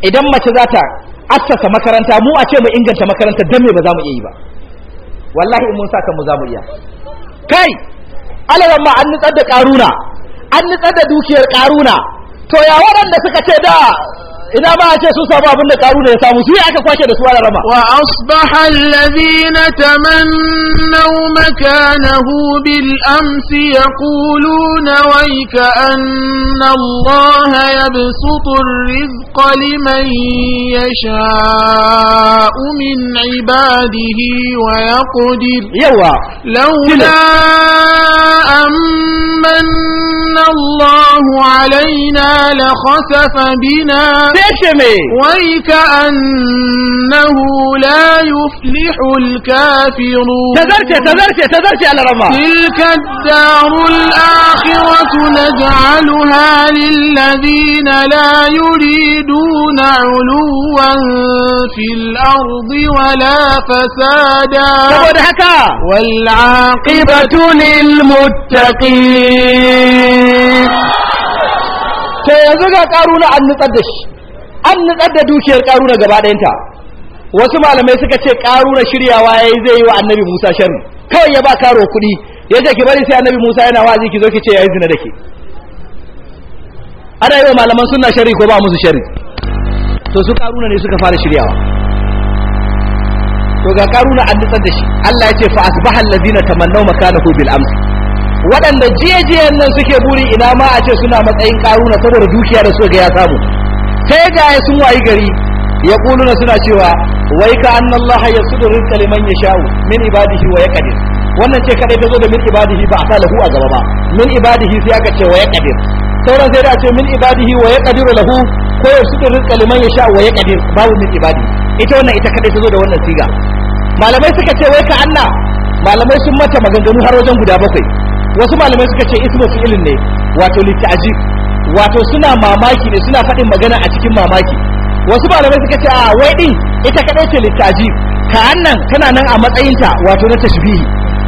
idan mace za ta assasa makaranta mu a ce mu inganta makaranta dan me ba za mu iya yi ba wallahi in mun sa kan mu za mu iya kai alawar ma an nutsar da karuna an nutsar da dukiyar karuna to ya waɗanda suka ce da ina ba a ce sun samu abin da karu da ya samu su aka kwashe da su a rama wa asbaha alladhina tamannaw makanahu bil amsi yaquluna wayka anna Allah yabsutu ar-rizqa liman yasha'u min ibadihi wa yaqdir yawa lawla ammanna Allah alaina la khasafa bina ويك أنه لا يفلح الكافرون تذرت تذرت تذرت على رما تلك الدار الآخرة نجعلها للذين لا يريدون علوا في الأرض ولا فسادا والعاقبة للمتقين ta yanzu ga نقدش an nutsar da dukiyar karuna gaba ɗayanta wasu malamai suka ce karuna shiryawa yi zai yi wa annabi musa sharri kawai ya ba karo kuɗi ya ce ki bari sai annabi musa yana wazi ki zo ki ce ya yi zina da ke ana yi wa malaman suna shari ko ba musu shari to su karuna ne suka fara shiryawa to ga karuna an nutsar da shi Allah ya ce fa asbahal ladina tamannaw makanahu bil amsi waɗanda jiye-jiyen nan suke buri ina ma a ce suna matsayin karuna saboda dukiya da suka ya samu sai ga sun wayi gari ya kuluna suna cewa wai ka annallaha yasudu rizqa liman yasha'u min ibadihi wa yaqdir wannan ce kadai tazo da min ibadihi ba ta lahu a gaba ba min ibadihi sai aka ce wa yaqdir sauran sai da ce min ibadihi wa yaqdiru lahu ko yasudu rizqa liman yasha'u wa yaqdir babu min ibadi ita wannan ita kadai tazo da wannan siga malamai suka ce wai ka anna malamai sun mata maganganu har wajen guda bakwai wasu malamai suka ce ismu fi'ilin ne wato li ta'jib wato suna mamaki ne suna faɗin magana a cikin mamaki wasu malamai suka ce a ah, wai din ita kadai ce littaji ka annan tana nan a matsayinta wato na tashbihi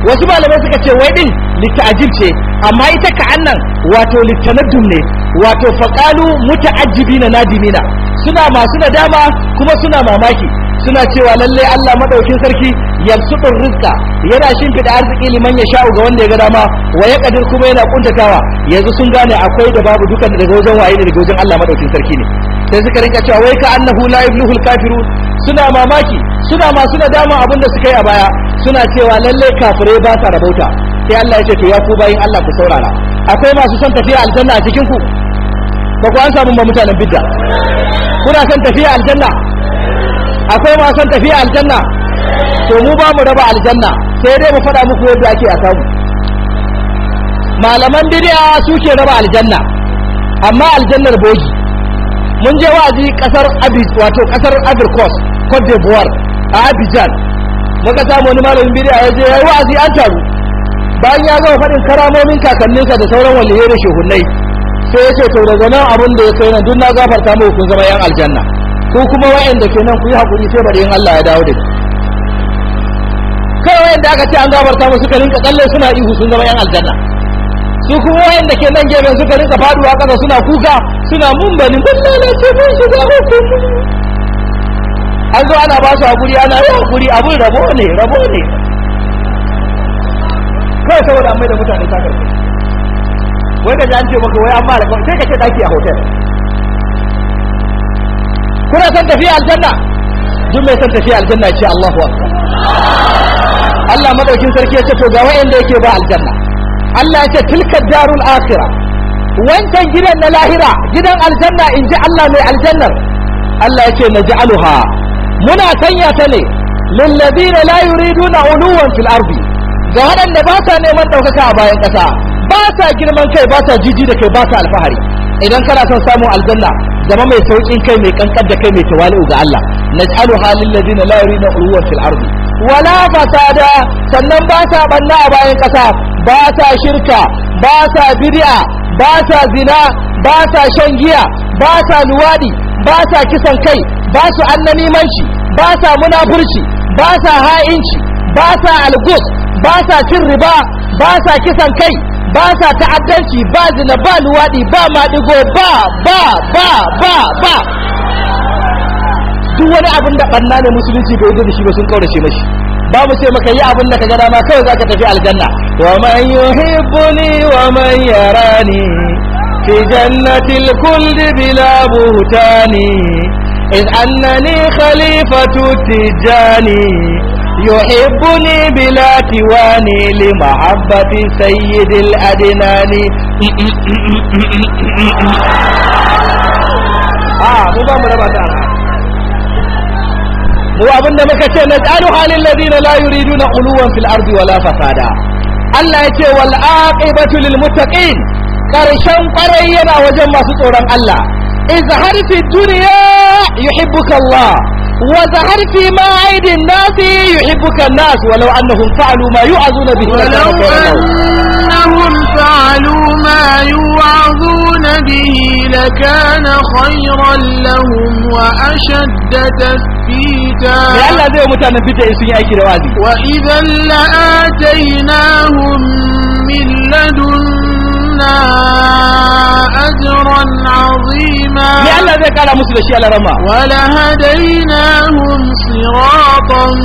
wasu malamai suka ce wai din littajib ce amma ita ka annan wato littanaddum ne wato faqalu muta'ajjibina nadimina suna masu nadama kuma suna mamaki suna cewa lallai Allah madaukin sarki yabsutur rizqa yana shimfiɗa arziki liman ya sha'u ga wanda ya ga dama wa ya kadir kuma yana kuntatawa yanzu sun gane akwai da babu dukan daga wajen waye ne daga wajen Allah madaukin sarki ne sai suka rinka cewa wai ka annahu la yuhlul kafiru suna mamaki suna masu nadama abin da suka yi a baya suna cewa lallai kafirai ba sa rabauta sai Allah ya ce to ya ku bayin Allah ku saurara akwai masu son tafiya aljanna a cikin ku ba ku an samu ba mutanen bidda kuna son tafiya aljanna akwai wasan tafiya aljanna to mu ba mu raba aljanna sai dai mu faɗa muku yadda ake a samu malaman bidiya su ke raba aljanna amma aljannar bogi mun je wa'azi kasar abis wato kasar agrikos cote d'ivoire a abidjan muka samu wani malamin bidiya ya je yayi wa'azi an taru bayan ya gama faɗin karamomin kakanninsa da sauran walihai da shehunnai sai ya ce to daga nan abin da ya kai nan duk na gafarta mu kun zama yan aljanna ko kuma wa'anda ke nan ku yi haƙuri sai bari in Allah ya dawo da ku kai wa'anda aka ce an gabarta musu ka rinka tsalle suna ihu sun zama yan aljanna su kuma wa'anda ke nan gefen suka rinka faduwa ƙasa suna kuka suna mun bani mun lalace mun shiga uku an zo ana ba su haƙuri ana yi haƙuri abun rabo ne rabo ne kawai saboda an mai da mutane takarfi wai ka ji an ce maka wai an ma sai ka ce daki a hotel kuna son tafiya aljanna duk mai son tafiya aljanna ce Allahu akbar Allah madaukin sarki ya ce to ga wanda yake ba aljanna Allah ya ce tilka darul akhirah wancan gidan na lahira gidan aljanna in ji Allah mai aljannar Allah ya ce aluha. muna sanya ta ne lillazina la yuriduna uluwan fil ardi ga waɗanda ba sa neman ɗaukaka a bayan ƙasa ba sa girman kai ba sa jiji da kai ba sa alfahari idan kana son samun aljanna zama mai saukin kai mai kankar da kai mai tawali'u ga Allah naj'alu halin ladina la yurina ulwan fil ardi wala fasada sannan ba sa banna a bayan ƙasa ba sa shirka ba sa bid'a ba sa zina ba sa shan giya ba sa luwadi ba sa kisan kai ba su annanimanci ba sa munafurci ba sa ha'inci ba ta algus ba sa cin riba ba sa kisan kai ba sa ta'addanci ba zina ba luwaɗi ba maɗigo ba ba ba ba ba duk wani abin da ɓanna ne musulunci bai zo da shi ba sun ƙaurace mashi ba mu ce maka yi abin da ka gada ma kawai za ka tafi aljanna wa man yuhibbuni wa man yarani fi jannatil kulli bila butani إذ أنني خليفة تجاني يحبني بلا تواني لمحبة سيد الأدنان آه مو بامو ربا مو أبن مكتين نسألها الذين لا يريدون علوا في الأرض ولا فسادا الله يتي والآقبة للمتقين كرشان قرينا وجمع سطورا الله إذا هل في الدنيا يحبك الله وسهر في ما أيدي الناس يحبك الناس ولو أنهم فعلوا ما يوعظون به ولو أنهم فعلوا ما يوعظون به لكان خيرا لهم وأشد تثبيتا وإذا لآتيناهم من لدنا أجرا عظيما kara musu da shi alarama wala hadainahum siratan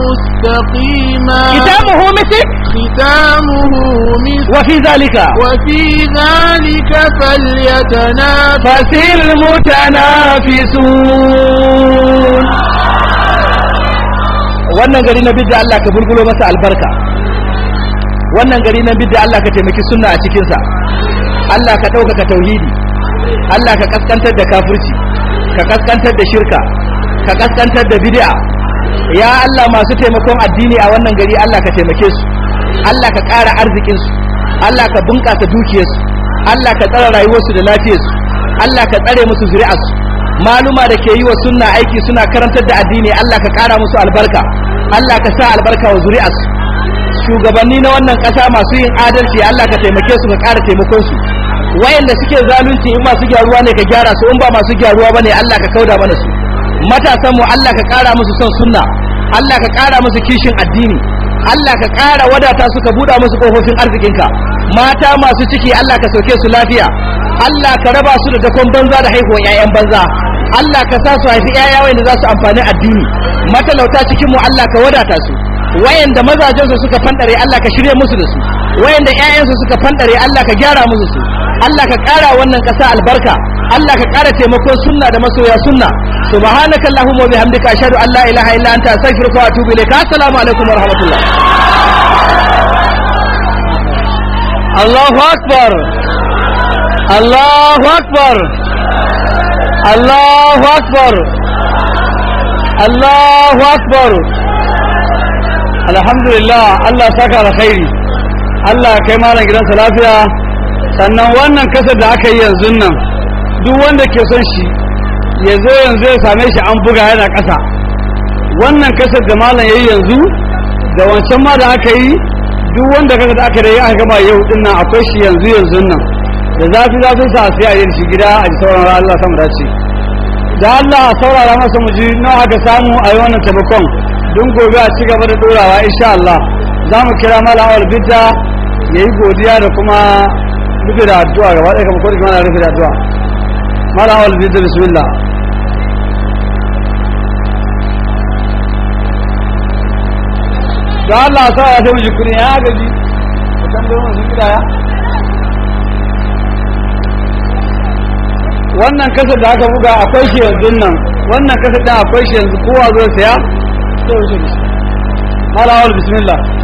mustaqima kitabuhu misik kitabuhu misik wa fi zalika wa fi zalika falyatanafasil mutanafisun wannan gari na bidda Allah ka bulbulo masa albarka wannan gari na bidda Allah ka taimaki sunna a cikinsa Allah ka ka tauhidi Allah ka kaskantar da kafirci ka kaskantar da shirka ka kaskantar da bid'a ya Allah masu taimakon addini a wannan gari Allah ka taimake su Allah ka ƙara arzikin su Allah ka bunƙasa dukiyar su Allah ka tsara rayuwar su da lafiyar su Allah ka tsare musu zuri'ar su maluma da ke yi wa sunna aiki suna karantar da addini Allah ka ƙara musu albarka Allah ka sa albarka wa zuri'ar su shugabanni na wannan ƙasa masu yin adalci Allah ka taimake su ka ƙara taimakon su wayanda suke zalunci in masu gyaruwa ne ka gyara su in ba masu gyaruwa bane Allah ka kauda mana su matasan mu Allah ka kara musu son sunna Allah ka kara musu kishin addini Allah ka kara wadata su ka buda musu kofofin arzikinka mata masu ciki Allah ka sauke su lafiya Allah ka raba su da dakon banza da haihuwar 'ya'yan banza Allah ka sa su haifi 'ya'ya wanda za su amfani addini matalauta cikin mu Allah ka wadata su wayanda su suka fandare Allah ka shirye musu da su wayanda 'ya'yansu suka fandare Allah ka gyara musu su Allah ka ƙara wannan ƙasa albarka Allah ka ƙara taimakon sunna da masoya sunna subhanaka allahumma bihamdika ashhadu an la ilaha illa anta astaghfiruka wa atubu ilayk assalamu alaikum wa rahmatullah Allahu akbar Allahu akbar Allahu akbar Allahu akbar Alhamdulillah Allah saka alkhairi Allah kai malam gidansa lafiya sannan wannan kasar da aka yi yanzu nan duk wanda ke son shi ya zo yanzu ya same shi an buga yana ƙasa wannan kasar da malam ya yi yanzu da wancan ma da aka yi duk wanda kasar da aka yi aka gama yau din nan akwai shi yanzu yanzu nan da zafi zafi sa sai a yi shi gida a ji sauran Allah samu dace da Allah saurara masa mu ji nawa aka samu a yi wannan taimakon don gobe a ci gaba da dorawa insha Allah za mu kira malam albita ya yi godiya da kuma rufe da addu'a gaba ɗaya kamar kodin mana rufe da addu'a mala awal da bismillah da Allah sa ya tabi jikuni ya gaji kan da wannan gida ya wannan kasar da aka buga akwai shi yanzu nan wannan kasar da akwai shi yanzu kowa zo saya sai wuce mala awal bismillah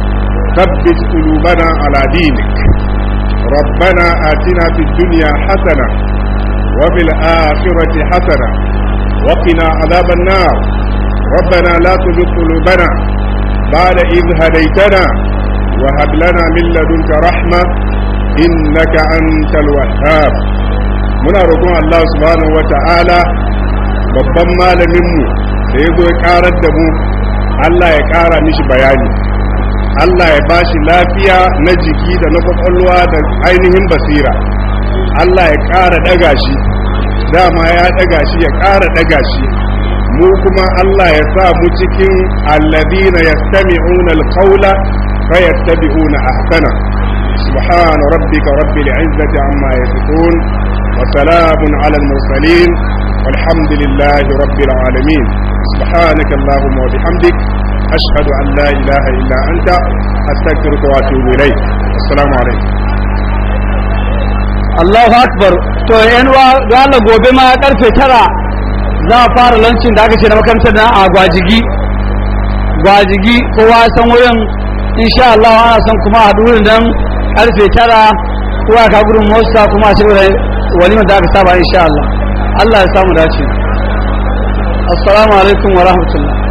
ثبت قلوبنا على دينك ربنا آتنا في الدنيا حسنة وفي الآخرة حسنة وقنا عذاب النار ربنا لا تزغ قلوبنا بعد إذ هديتنا وهب لنا من لدنك رحمة إنك أنت الوهاب muna roƙon Allah subhanahu wata'ala babban malaminmu da ya zo ya ƙarar da mu Allah ya ƙara mishi bayani Allah ya bashi lafiya na jiki da na kwakwalwa da ainihin basira Allah ya ƙara ɗaga shi dama ya ɗaga shi ya ƙara ɗaga shi mu kuma Allah ya sa mu cikin alladina yastami'una alqawla fayattabi'una ahsana سبحان ربك رب العزة عما يصفون وسلام على المرسلين والحمد لله رب العالمين سبحانك اللهم وبحمدك أشهد أن لا إله إلا أنت أستغفرك وأتوب إليك السلام عليكم Allahu Akbar to yan wala gobe ma karfe tara za a fara lancin da aka ce na makarantar na a gwajigi gwajigi kowa san wurin insha Allah ana son kuma a wurin dan karfe tara kowa ka gurin motsa kuma a cikin walimar da aka saba insha Allah Allah ya samu dace assalamu alaikum wa rahmatullah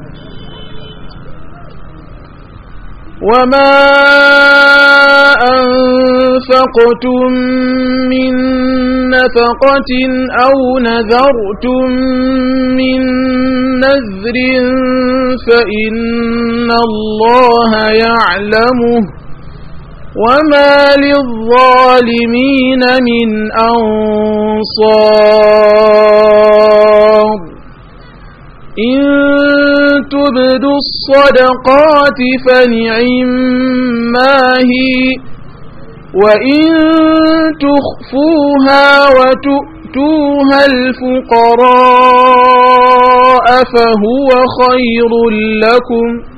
وما أنفقتم من نفقة أو نذرتم من نذر فإن الله يعلمه وما للظالمين من أنصار إن تبدوا الصدقات ما هي وإن تخفوها وتؤتوها الفقراء فهو خير لكم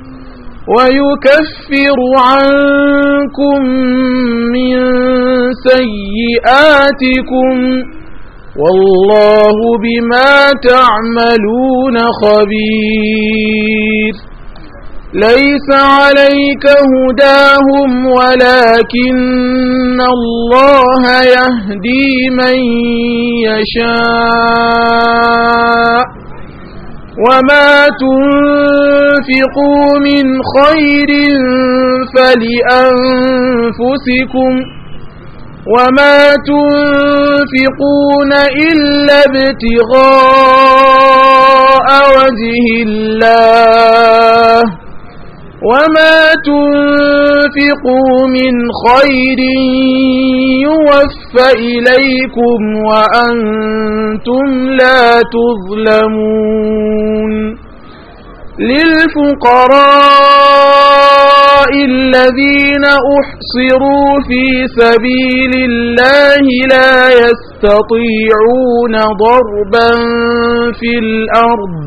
ويكفر عنكم من سيئاتكم والله بما تعملون خبير ليس عليك هداهم ولكن الله يهدي من يشاء وما تنفقوا من خير فلأنفسكم وما تنفقون إلا ابتغاء وجه الله وما تنفقوا من خير يوفى إليكم وأنتم لا تظلمون للفقراء الذين أحصروا في سبيل الله لا يستطيعون ضربا في الأرض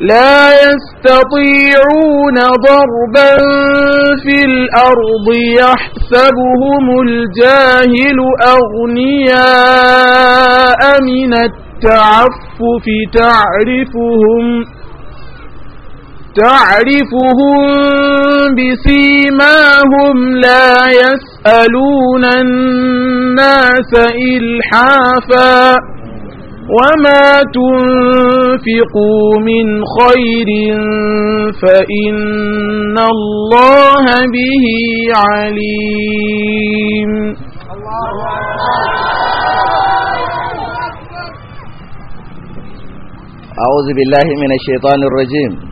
لا يستطيعون ضربا في الأرض يحسبهم الجاهل أغنياء من التعفف تعرفهم تعرفهم بسيماهم لا يسألون الناس إلحافا وما تنفقوا من خير فإن الله به عليم أعوذ بالله من الشيطان الرجيم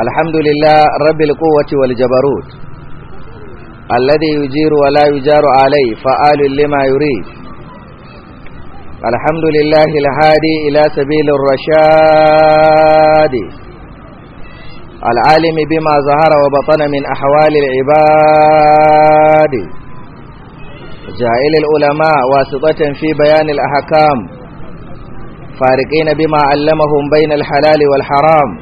الحمد لله رب القوة والجبروت الذي يجير ولا يجار عليه فآل لما يريد الحمد لله الهادي إلى سبيل الرشاد العالم بما ظهر وبطن من أحوال العباد جائل العلماء واسطة في بيان الأحكام فارقين بما علمهم بين الحلال والحرام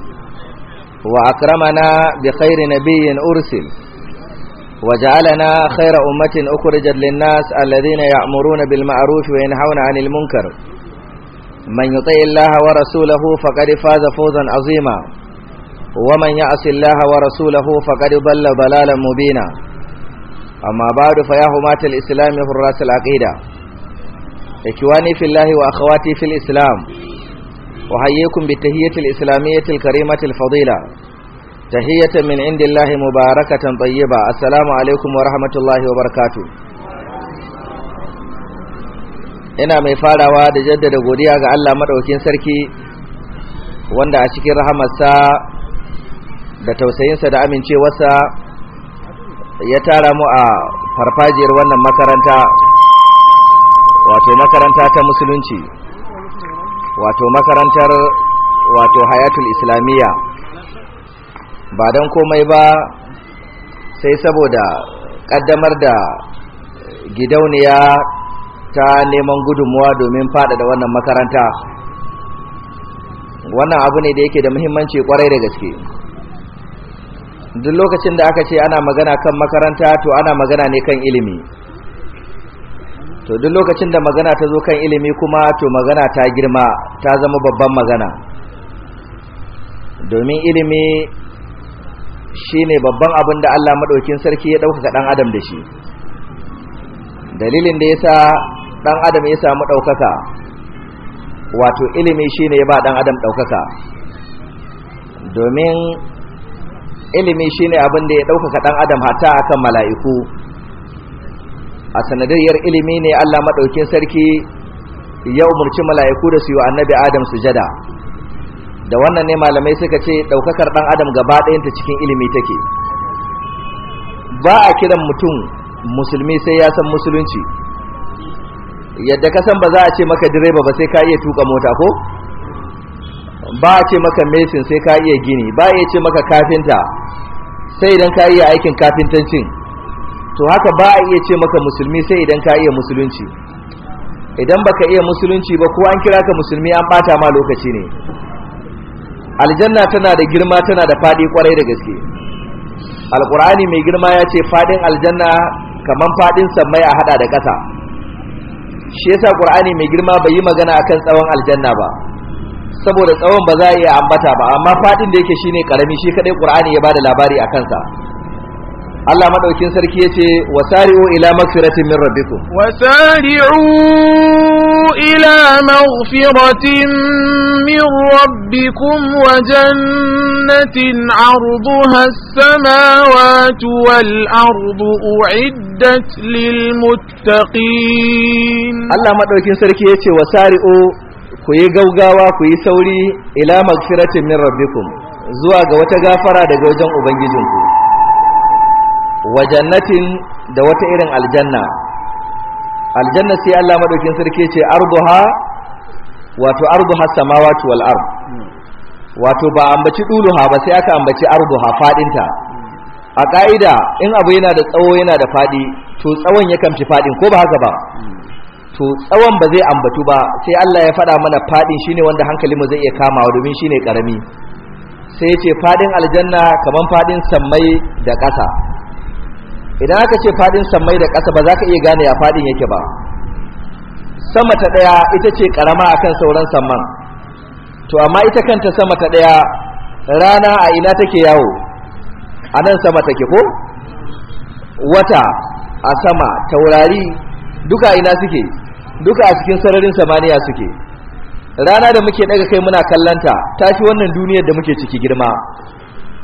وأكرمنا بخير نبي أرسل وجعلنا خير أمة أخرجت للناس الذين يأمرون بالمعروف وينهون عن المنكر من يطيع الله ورسوله فقد فاز فوزا عظيما ومن يعص الله ورسوله فقد ضل بل ضلالا مبينا أما بعد فيا همات الإسلام هراس العقيدة إخواني في الله وأخواتي في الإسلام أحييكم بالتهية الإسلامية الكريمة الفضيلة تهية من عند الله مباركة طيبة السلام عليكم ورحمة الله وبركاته ina mai farawa da jaddada godiya ga Allah maɗaukin sarki wanda a cikin rahamarsa da tausayinsa da amincewarsa ya tara mu a farfajiyar wannan makaranta wato makaranta ta musulunci wato makarantar wato hayatul islamiyya ba don komai ba sai saboda kaddamar da gidauniya ta neman gudunmuwa domin faɗaɗa wannan makaranta wannan abu ne da yake da muhimmanci kwarai da gaske duk lokacin da aka ce ana magana kan makaranta to ana magana ne kan ilimi to duk lokacin da magana ta zo kan ilimi kuma to magana ta girma ta zama babban magana domin ilimi shine babban abin da Allah madaukin sarki ya dauka dan adam da shi dalilin da yasa dan adam ya samu daukaka wato ilimi shine ya ba dan adam daukaka domin ilimi shine abin da ya ɗaukaka dan adam hatta akan mala'iku a sanadiyar ilimi ne Allah maɗaukin sarki ya umarci mala'iku da su yi annabi Adam sujada da wannan ne malamai suka ce ɗaukakar ɗan Adam gaba ɗayanta cikin ilimi take ba a kiran mutum musulmi sai ya san musulunci yadda ka san ba za a ce maka direba ba sai ka iya tuka mota ko ba a ce maka mesin sai ka iya gini ba a ce maka kafinta sai idan ka iya aikin kafintancin to haka ba a iya ce maka musulmi sai idan ka iya musulunci idan baka iya musulunci ba ko an kira ka musulmi an bata ma lokaci ne aljanna tana da girma tana da fadi kwarai da gaske alqurani mai girma ya ce fadin aljanna kaman fadin samai a hada da kasa shi yasa qur'ani mai girma bai yi magana akan tsawon aljanna ba saboda tsawon ba za a iya ambata ba amma fadin da yake shine karami shi kadai qur'ani ya bada labari akan sa Allah maɗaukin sarki yace wasari'u ila magfiratin min rabbikum wasari'u ila magfiratin min rabbikum wa jannatin 'arduha as-samawati wal ardu u'iddat lil muttaqin Allah maɗaukin sarki yace sari'u ku yi gaugawa ku yi sauri ila magfiratin min rabbikum zuwa ga wata gafara daga wajen ubangijinku wa jannatin da wata irin aljanna aljanna sai Allah madaukin sarki ce arduha wato arduha samawati wal ard wato ba ambaci duluha ba sai aka ambaci arduha fadinta a ka'ida in abu yana da tsawo yana da fadi to tsawon ya fi fadin ko ba haka ba to tsawon ba zai ambatu ba sai Allah ya faɗa mana fadin shine wanda hankali mu zai iya kamawa domin shine karami sai ya ce fadin aljanna kaman fadin sammai da ƙasa idan aka ce fadin samai da ƙasa ba za ka iya gane ya fadin yake ba sama ta ɗaya ita ce ƙarama akan sauran samman to amma ita kanta sama ta ɗaya rana a ina take yawo a nan sama take ko wata a sama taurari duka ina suke duka a cikin sararin samaniya suke rana da muke daga kai muna kallanta tafi wannan duniyar da muke ciki girma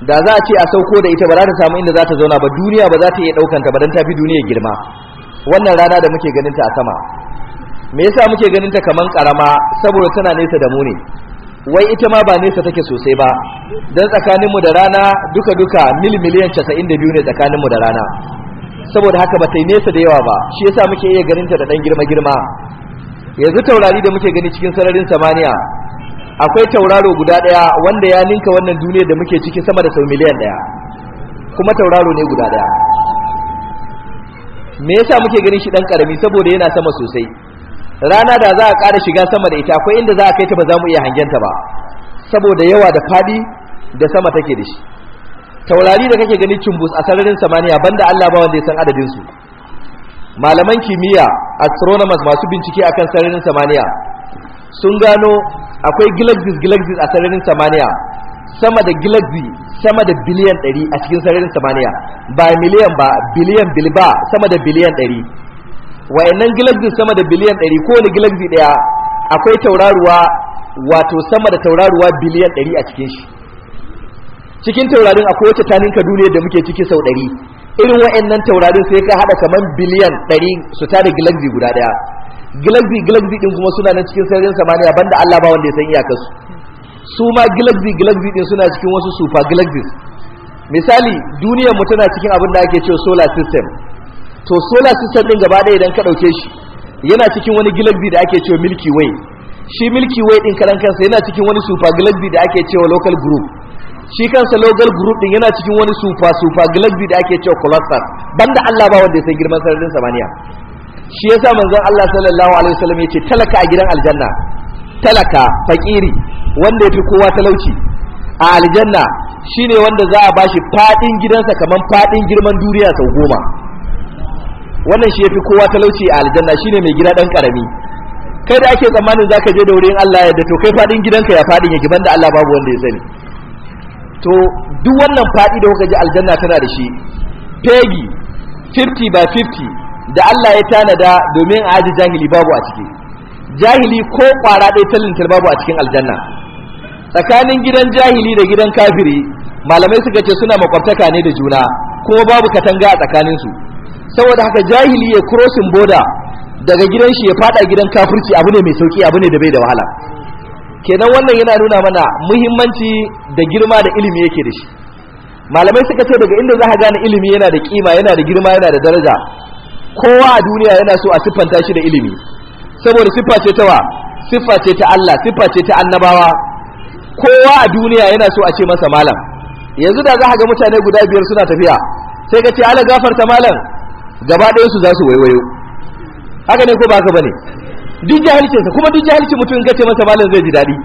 da za a ce a sauko da ita ba za ta samu inda za ta zauna ba duniya ba za ta iya ɗaukanta ba don tafi duniya girma wannan rana da muke ganinta a sama me yasa muke ganin ta kaman karama saboda tana nesa da mu ne wai ita ma ba nesa take sosai ba don tsakaninmu da rana duka-duka mil miliyan 92 ne mu da rana saboda haka ba ta yi nesa da yawa ba shi yasa muke iya ganin ta da dan girma-girma yanzu taurari da muke gani cikin sararin samaniya akwai tauraro guda daya wanda ya ninka wannan duniya da muke ciki sama da sau miliyan daya kuma tauraro ne guda daya me yasa muke ganin shi dan karami saboda yana sama sosai rana da za a ƙara shiga sama da ita akwai inda za a kai ta ba za mu iya hangenta ba saboda yawa da fadi da sama take da shi taurari da kake gani cumbus a sararin samaniya banda Allah ba wanda ya san adadin su malaman kimiyya astronomers masu bincike akan sararin samaniya sun gano akwai galaxies galaxies a sararin samaniya sama da galaxy sama da biliyan 100 a cikin sararin samaniya ba miliyan ba biliyan ba sama da biliyan 100 wayannan galaxies sama da biliyan 100 kowane galaxy daya akwai tauraruwa wato sama da tauraruwa biliyan 100 a cikin shi cikin taurarin akwai wata taninka duniya da muke ciki sau 100 irin wayannan taurarin sai ka hada kaman biliyan 100 su tare galaxy guda daya galaxy galaxy din kuma suna nan cikin sararin samaniya banda Allah ba wanda ya san iyakar su su ma galaxy galaxy din suna cikin wasu super galaxies misali duniyar mu tana cikin abin da ake cewa solar system to solar system din gaba ɗaya idan ka ɗauke shi yana cikin wani galaxy da ake cewa milky way shi milky way din karan kansa yana cikin wani super galaxy da ake cewa local group shi kansa local group din yana cikin wani super super galaxy da ake cewa cluster banda Allah ba wanda ya san girman sararin samaniya shi yasa manzon Allah sallallahu alaihi wasallam yace talaka a gidan aljanna talaka fakiri wanda yafi kowa talauci a aljanna shine wanda za a bashi fadin gidansa kamar fadin girman duniya sau goma wannan shi yafi kowa talauci a aljanna shine mai gida dan karami kai da ake tsammanin zaka je da wurin Allah ya to kai fadin gidanka ya fadin ya gibanda Allah babu wanda ya sani to duk wannan fadi da kuka ji aljanna tana da shi pegi 50 by 50 da Allah ya tanada domin a aji jahili babu a ciki jahili ko kwara ɗaya talintar babu a cikin aljanna tsakanin gidan jahili da gidan kafiri malamai suka ce suna makwabtaka ne da juna kuma babu katanga a tsakaninsu saboda haka jahili ya crossing border daga gidan shi ya fada gidan kafirci abu ne mai sauki abu ne da bai da wahala kenan wannan yana nuna mana muhimmanci da girma da ilimi yake da shi malamai suka ce daga inda za ka gane ilimi yana da kima yana da girma yana da daraja kowa a duniya yana so a siffanta shi da ilimi saboda siffa ce ta wa siffa ce ta Allah siffa ce ta annabawa kowa a duniya yana so a ce masa malam yanzu da za ga mutane guda biyar suna tafiya sai ka ce ala gafarta malam gaba ɗaya su za su waiwayo haka ne ko ba ka bane duk jahilcin sa kuma duk jahilcin mutum ka ce masa malam zai ji daɗi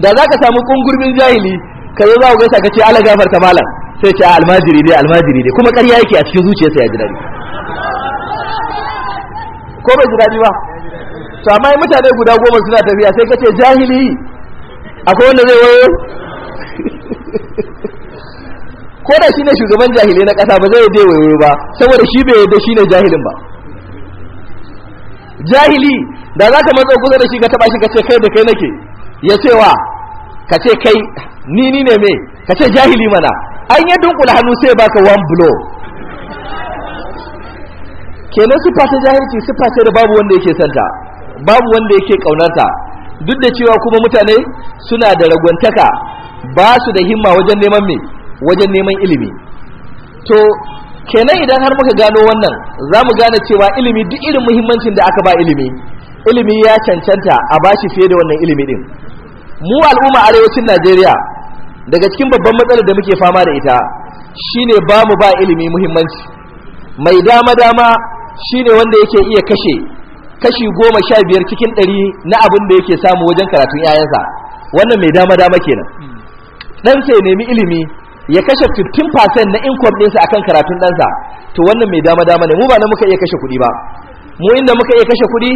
da za ka samu kungurbin jahili ka zo za ku gaisa ka ce ala gafarta malam sai ce almajiri dai almajiri dai kuma ƙarya yake a cikin zuciyarsa ya ji daɗi ko bai ji daɗi ba to amma mutane guda goma suna tafiya sai kace jahili akwai wanda zai wayo ko da shine shugaban jahili na ƙasa ba zai je wayo ba saboda shi bai yadda shine jahilin ba jahili da za ka matsa kusa da shi ka taba shi ka ce kai da kai nake ya cewa ka ce kai ni ni ne me ka ce jahili mana an yi dunkula hannu sai baka one blow kenan sifa ta jahilci sifa ce da babu wanda yake santa babu wanda yake kaunarta duk da cewa kuma mutane suna da ragwantaka ba su da himma wajen neman me wajen neman ilimi to kenan idan har muka gano wannan za mu gane cewa ilimi duk irin muhimmancin da aka ba ilimi ilimi ya cancanta a bashi fiye da wannan ilimi din mu al'umma arewacin najeriya daga cikin babban matsalar da muke fama da ita shine ba mu ba ilimi muhimmanci mai dama dama Shi ne wanda yake iya kashe kashi goma sha biyar cikin ɗari na abin da yake samu wajen karatun 'ya'yansa wannan mai dama dama kenan dan sai nemi ilimi ya kashe 15% na income ɗinsa akan karatun ɗansa to wannan mai dama dama ne mu ba na muka iya kashe kuɗi ba mu inda muka iya kashe kuɗi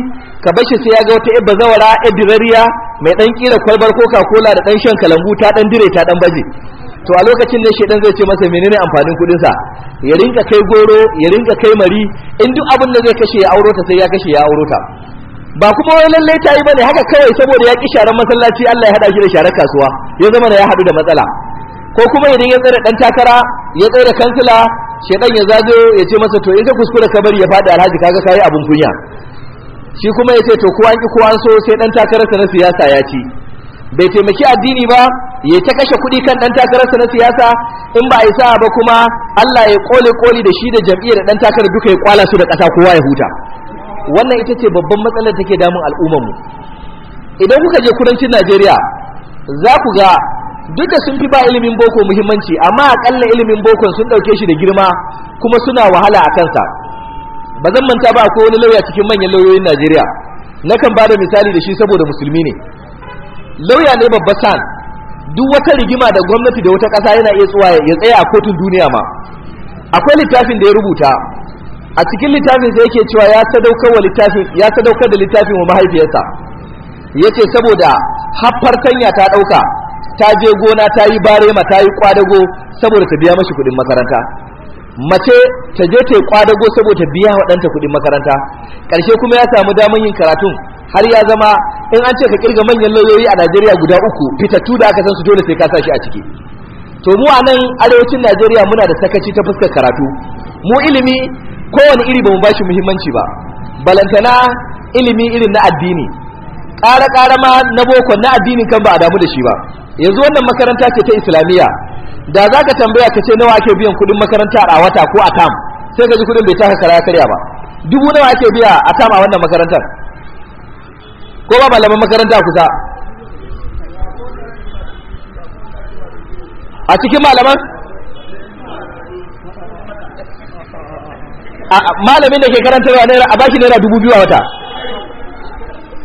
ka bashi shi sai ya ga wata ibba zawara ibirariya mai ɗan kira kwalbar coca cola da ɗan shan kalambu ta ɗan dire ta dan baje to a lokacin ne shedan zai ce masa menene amfanin kudin sa ya rinka kai goro ya rinka kai mari in duk abin da zai kashe ya aurota sai ya kashe ya aurota ba kuma wai lalle ta yi bane haka kawai saboda ya ki sharar masallaci Allah ya hada shi da sharar kasuwa ya zama da ya hadu da matsala ko kuma idan ya tsare dan takara ya tsare kansila shedan ya zazo ya ce masa to in ka kuskura ka bari ya fada alhaji kaga kai abun kunya shi kuma ya ce to ko an ki ko an so sai dan takarar sa na siyasa ya ci bai taimaki addini ba ya ta kashe kuɗi kan ɗan takararsa na siyasa in ba a yi sa'a ba kuma Allah ya kole koli da shi da jam'iyyar ɗan takarar duka ya kwala su da ƙasa kowa ya huta wannan ita ce babban matsalar take damun al'ummar mu idan kuka je kudancin Najeriya za ku ga duk da sun fi ba ilimin boko muhimmanci amma akalla ilimin boko sun ɗauke shi da girma kuma suna wahala a kansa ba zan manta ba akwai wani lauya cikin manyan lauyoyin Najeriya nakan ba da misali da shi saboda musulmi ne lauya ne babba san duk wata rigima da gwamnati da wata ƙasa yana iya tsuwa ya tsaya a kotun duniya ma akwai littafin da ya rubuta a cikin littafin sai yake cewa ya sadaukar wa littafin ya sadaukar da littafin wa mahaifiyarsa yace saboda haffar sanya ta dauka ta je gona ta yi barema ta yi kwadago saboda ta biya mashi kuɗin makaranta mace ta je ta yi kwadago saboda ta biya wa ɗanta kudin makaranta ƙarshe kuma ya samu damar yin karatun har ya zama in an ce ka kirga manyan lauyoyi a Najeriya guda uku fitattu da aka san su dole sai ka sa shi a ciki to mu a nan arewacin Najeriya muna da sakaci ta fuskar karatu mu ilimi kowane iri ba mu bashi muhimmanci ba balantana ilimi irin na addini ƙara ƙara ma na boko na addini kan ba a damu da shi ba yanzu wannan makaranta ce ta islamiyya da za ka tambaya ka ce nawa ake biyan kuɗin makaranta a wata ko a tam sai ka ji kuɗin bai taka kara karya ba dubu nawa ake biya a tam a wannan makarantar ko ba malaman makaranta kusa a cikin malaman malamin da ke karanta wa naira a bashi naira dubu biyu a wata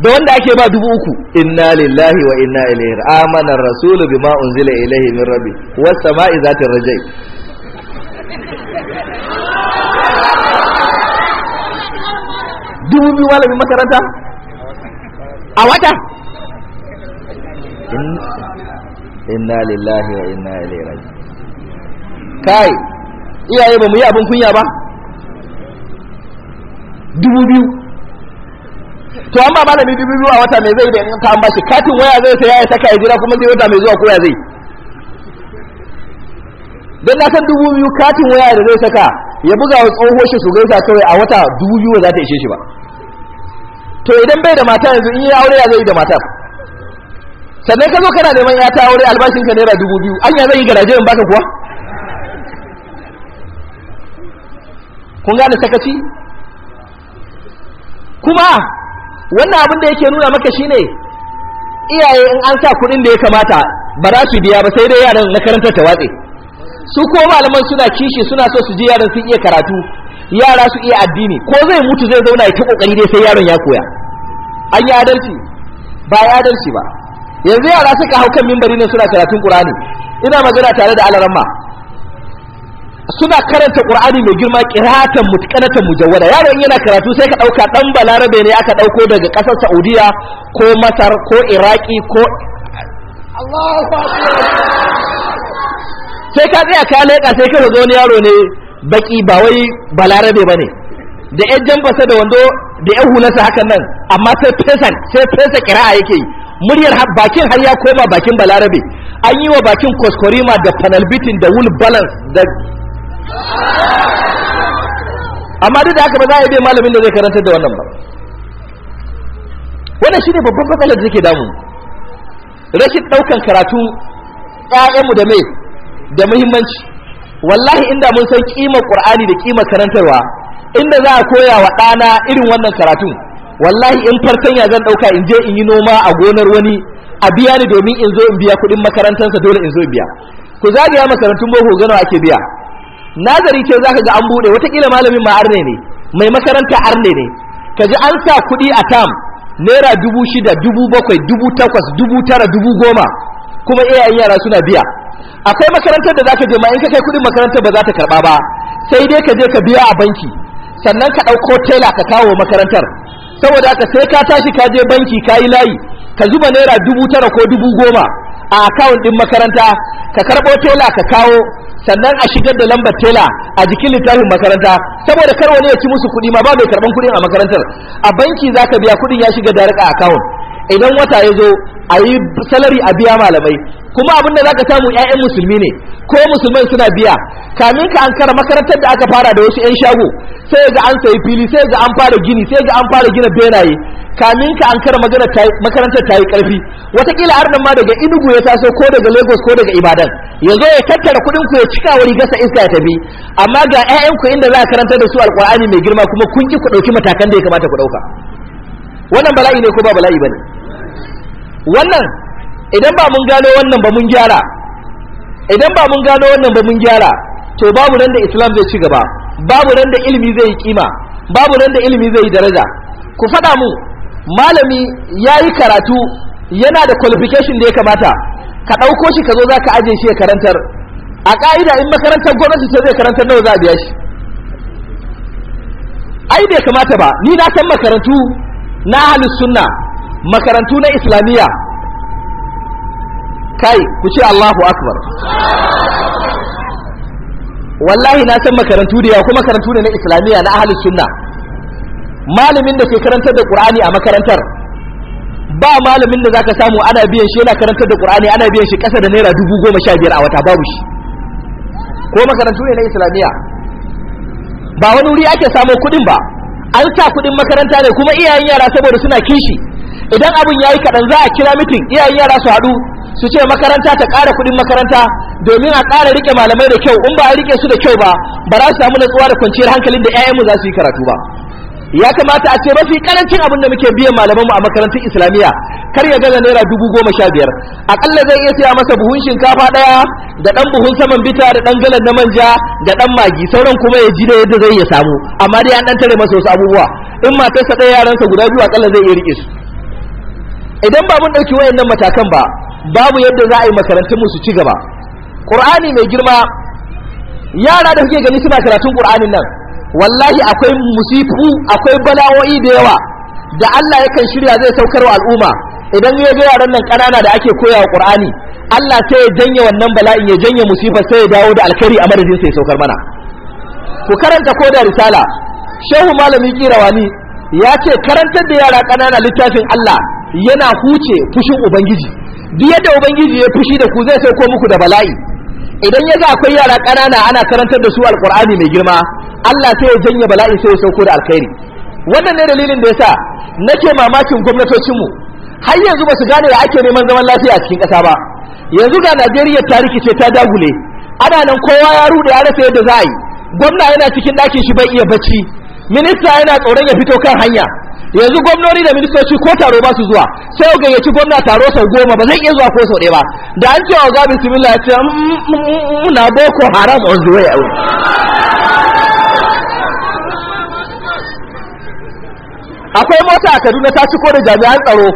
da wanda ake ba dubu uku inna lillahi wa inna ilaihi amana rasulu bima unzila ilaihi min rabbi was sama'i zati rajai dubu biyu malamin makaranta a wata inna lillahi wa inna ilaihi raji kai iyaye ba mu yi abin kunya ba dubu biyu to an ba malami dubu biyu a wata mai zai da ka an shi katin waya zai sai ya saka ya jira kuma zai wata mai zuwa koya zai don na san dubu biyu katin waya da zai saka ya buga wa tsohon shi su gaisa kawai a wata dubu biyu za ta ishe shi ba to idan bai da mata yanzu in yi aure ya zai da matar sannan ka zo kana neman ya ta aure albashin ka naira dubu biyu an ya zai yi garaje in baka kuwa kun gane sakaci kuma wannan abin da yake nuna maka shine iyaye in an sa kuɗin da ya kamata ba za su biya ba sai dai yaran na karantar ta watse su ko malaman suna kishi suna so su ji yaran sun iya karatu yara su iya addini ko zai mutu zai zauna ya ta kokari dai sai yaron ya koya an yi adalci ba ya adalci ba yanzu yara suka hau kan mimbari ne suna karatun qur'ani ina magana tare da alaramma suna karanta qur'ani mai girma qira'atan mutqanatan mujawwada yaron yana karatu sai ka dauka dan balarabe ne aka dauko daga kasar saudiya ko masar ko iraki ko Allahu akbar sai ka tsaya ka leka sai ka zo wani yaro ne baki ba wai balarabe ba ne da yan jambasa da wando da yan hulasa hakan nan amma sai fesan sai fesa kira'a yake yi muryar bakin har ya koma bakin balarabe an yi wa bakin koskorima da panel beating da wool balance da amma duk da haka ba za a yi bai malamin da zai karantar da wannan ba wannan shine babban matsalar da take damu rashin daukan karatu ƴaƴanmu da me da muhimmanci wallahi inda mun san kimar qur'ani da kimar karantarwa inda za a koya wa ɗana irin wannan karatun wallahi in fartanya zan ɗauka in je in yi noma a gonar wani a biya ni domin in zo in biya kuɗin makarantarsa dole in zo in biya ku zagaya makarantun boko gano ake biya nazari ce zaka ga an buɗe watakila malamin ma arne ne mai makaranta arne ne ka ji an sa kuɗi a tam naira dubu shida dubu bakwai dubu takwas dubu tara dubu goma kuma iyayen yara suna biya akwai makarantar da zaka je ma in ka kai kudin makarantar ba za ta karba ba sai dai ka je ka biya a banki sannan ka ɗauko tela ka kawo makarantar saboda haka sai ka tashi ka je banki ka yi layi ka zuba naira dubu tara ko dubu goma a akawun ɗin makaranta ka karɓo tela ka kawo sannan a shigar da lambar tela a jikin littafin makaranta saboda kar wani ya ci musu kuɗi ma ba mai karɓan kuɗin a makarantar a banki za ka biya kuɗin ya shiga a akawun idan wata ya zo a yi salari a biya malamai kuma abin da zaka samu 'ya'yan musulmi ne ko musulmai suna biya kamin ka an kara makarantar da aka fara da wasu 'yan shago sai ga an sayi fili sai ga an fara gini sai ga an fara gina benaye kamin ka an kara makarantar ta yi karfi watakila har nan ma daga inugu ya taso ko daga lagos ko daga ibadan ya zo ya tattara kuɗin ku ya cika wari gasa iska ya tafi amma ga ƴaƴan ku inda za a karantar da su alƙur'ani mai girma kuma kun ki ku ɗauki matakan da ya kamata ku ɗauka wannan bala'i ne ko ba bala'i bane wannan idan ba mun gano wannan ba mun gyara idan ba mun gano wannan ba mun gyara to babu nan da islam zai ci gaba babu nan da ilimi zai yi kima babu nan da ilimi zai yi daraja ku faɗa mu malami ya yi karatu yana da qualification da ya kamata ka ɗauko shi ka zo za ka ajiye shi ya karantar a ƙa'ida in makarantar gwamnati ce zai karantar nawa za a biya shi ai bai kamata ba ni na san makarantu na halin sunna makarantu na islamiyya kai ku ce Allahu akbar wallahi na san makarantu da yawa kuma makarantu ne na islamiyya na ahalin sunna malamin da ke karantar da qur'ani a makarantar ba malamin da zaka samu ana biyan shi yana karantar da qur'ani ana biyan shi kasa da naira dubu goma sha biyar a wata babu shi ko makarantu ne na islamiyya ba wani wuri ake samun kuɗin ba an sa kuɗin makaranta ne kuma iyayen yara saboda suna kishi idan abin yi kaɗan za a kira mitin iyayen yara su haɗu su ce makaranta ta ƙara kuɗin makaranta domin a ƙara riƙe malamai da kyau in ba a riƙe su da kyau ba ba za su samu natsuwa da kwanciyar hankalin da 'ya'yanmu za su yi karatu ba ya kamata a ce mafi karancin abin da muke biyan mu a makarantun islamiyya kar ya gaza naira dubu goma sha biyar aƙalla zai iya siya masa buhun shinkafa ɗaya da ɗan buhun saman bita da ɗan galan na manja da ɗan magi sauran kuma ya ji da yadda zai iya samu amma dai an ɗan tare masa wasu abubuwa in matarsa ɗaya yaransa guda biyu akalla zai iya riƙe su idan ba mun ɗauki wayannan matakan ba babu yadda za a yi mu su ci gaba ƙur'ani mai girma yara da suke gani suna karatun ƙur'anin nan wallahi akwai musifu akwai bala'o'i da yawa da Allah yakan shirya zai saukar wa al'umma idan ya ga yaran nan ƙanana da ake koya wa ƙur'ani Allah sai ya janye wannan bala'in ya janye musifar sai ya dawo da alkhairi a madadin sai ya saukar mana ku karanta ko da risala shehu malami kirawani ya ce karantar da yara ƙanana littafin Allah yana huce fushin ubangiji duk yadda ubangiji ya fushi da ku zai sauko muku da bala'i idan ya ga akwai yara ƙanana ana karantar da su alƙur'ani mai girma Allah sai ya janye bala'i sai ya sauko da alkhairi wannan ne dalilin da yasa nake mamakin gwamnatocin mu har yanzu ba su gane da ake neman zaman lafiya a cikin ƙasa ba yanzu ga Najeriya ta rikice ta dagule ana nan kowa ya rude ya rasa yadda za a yi gwamna yana cikin ɗakin shi bai iya bacci minista yana tsoron ya fito kan hanya yanzu gwamnoni da ministoci ko taro ba su zuwa sai ga yaci gwamna taro sau goma ba zai iya zuwa ko sau ɗaya ba da an cewa ga bismillah ce muna boko haram on the way akwai mota a Kaduna ta ko da jami'an tsaro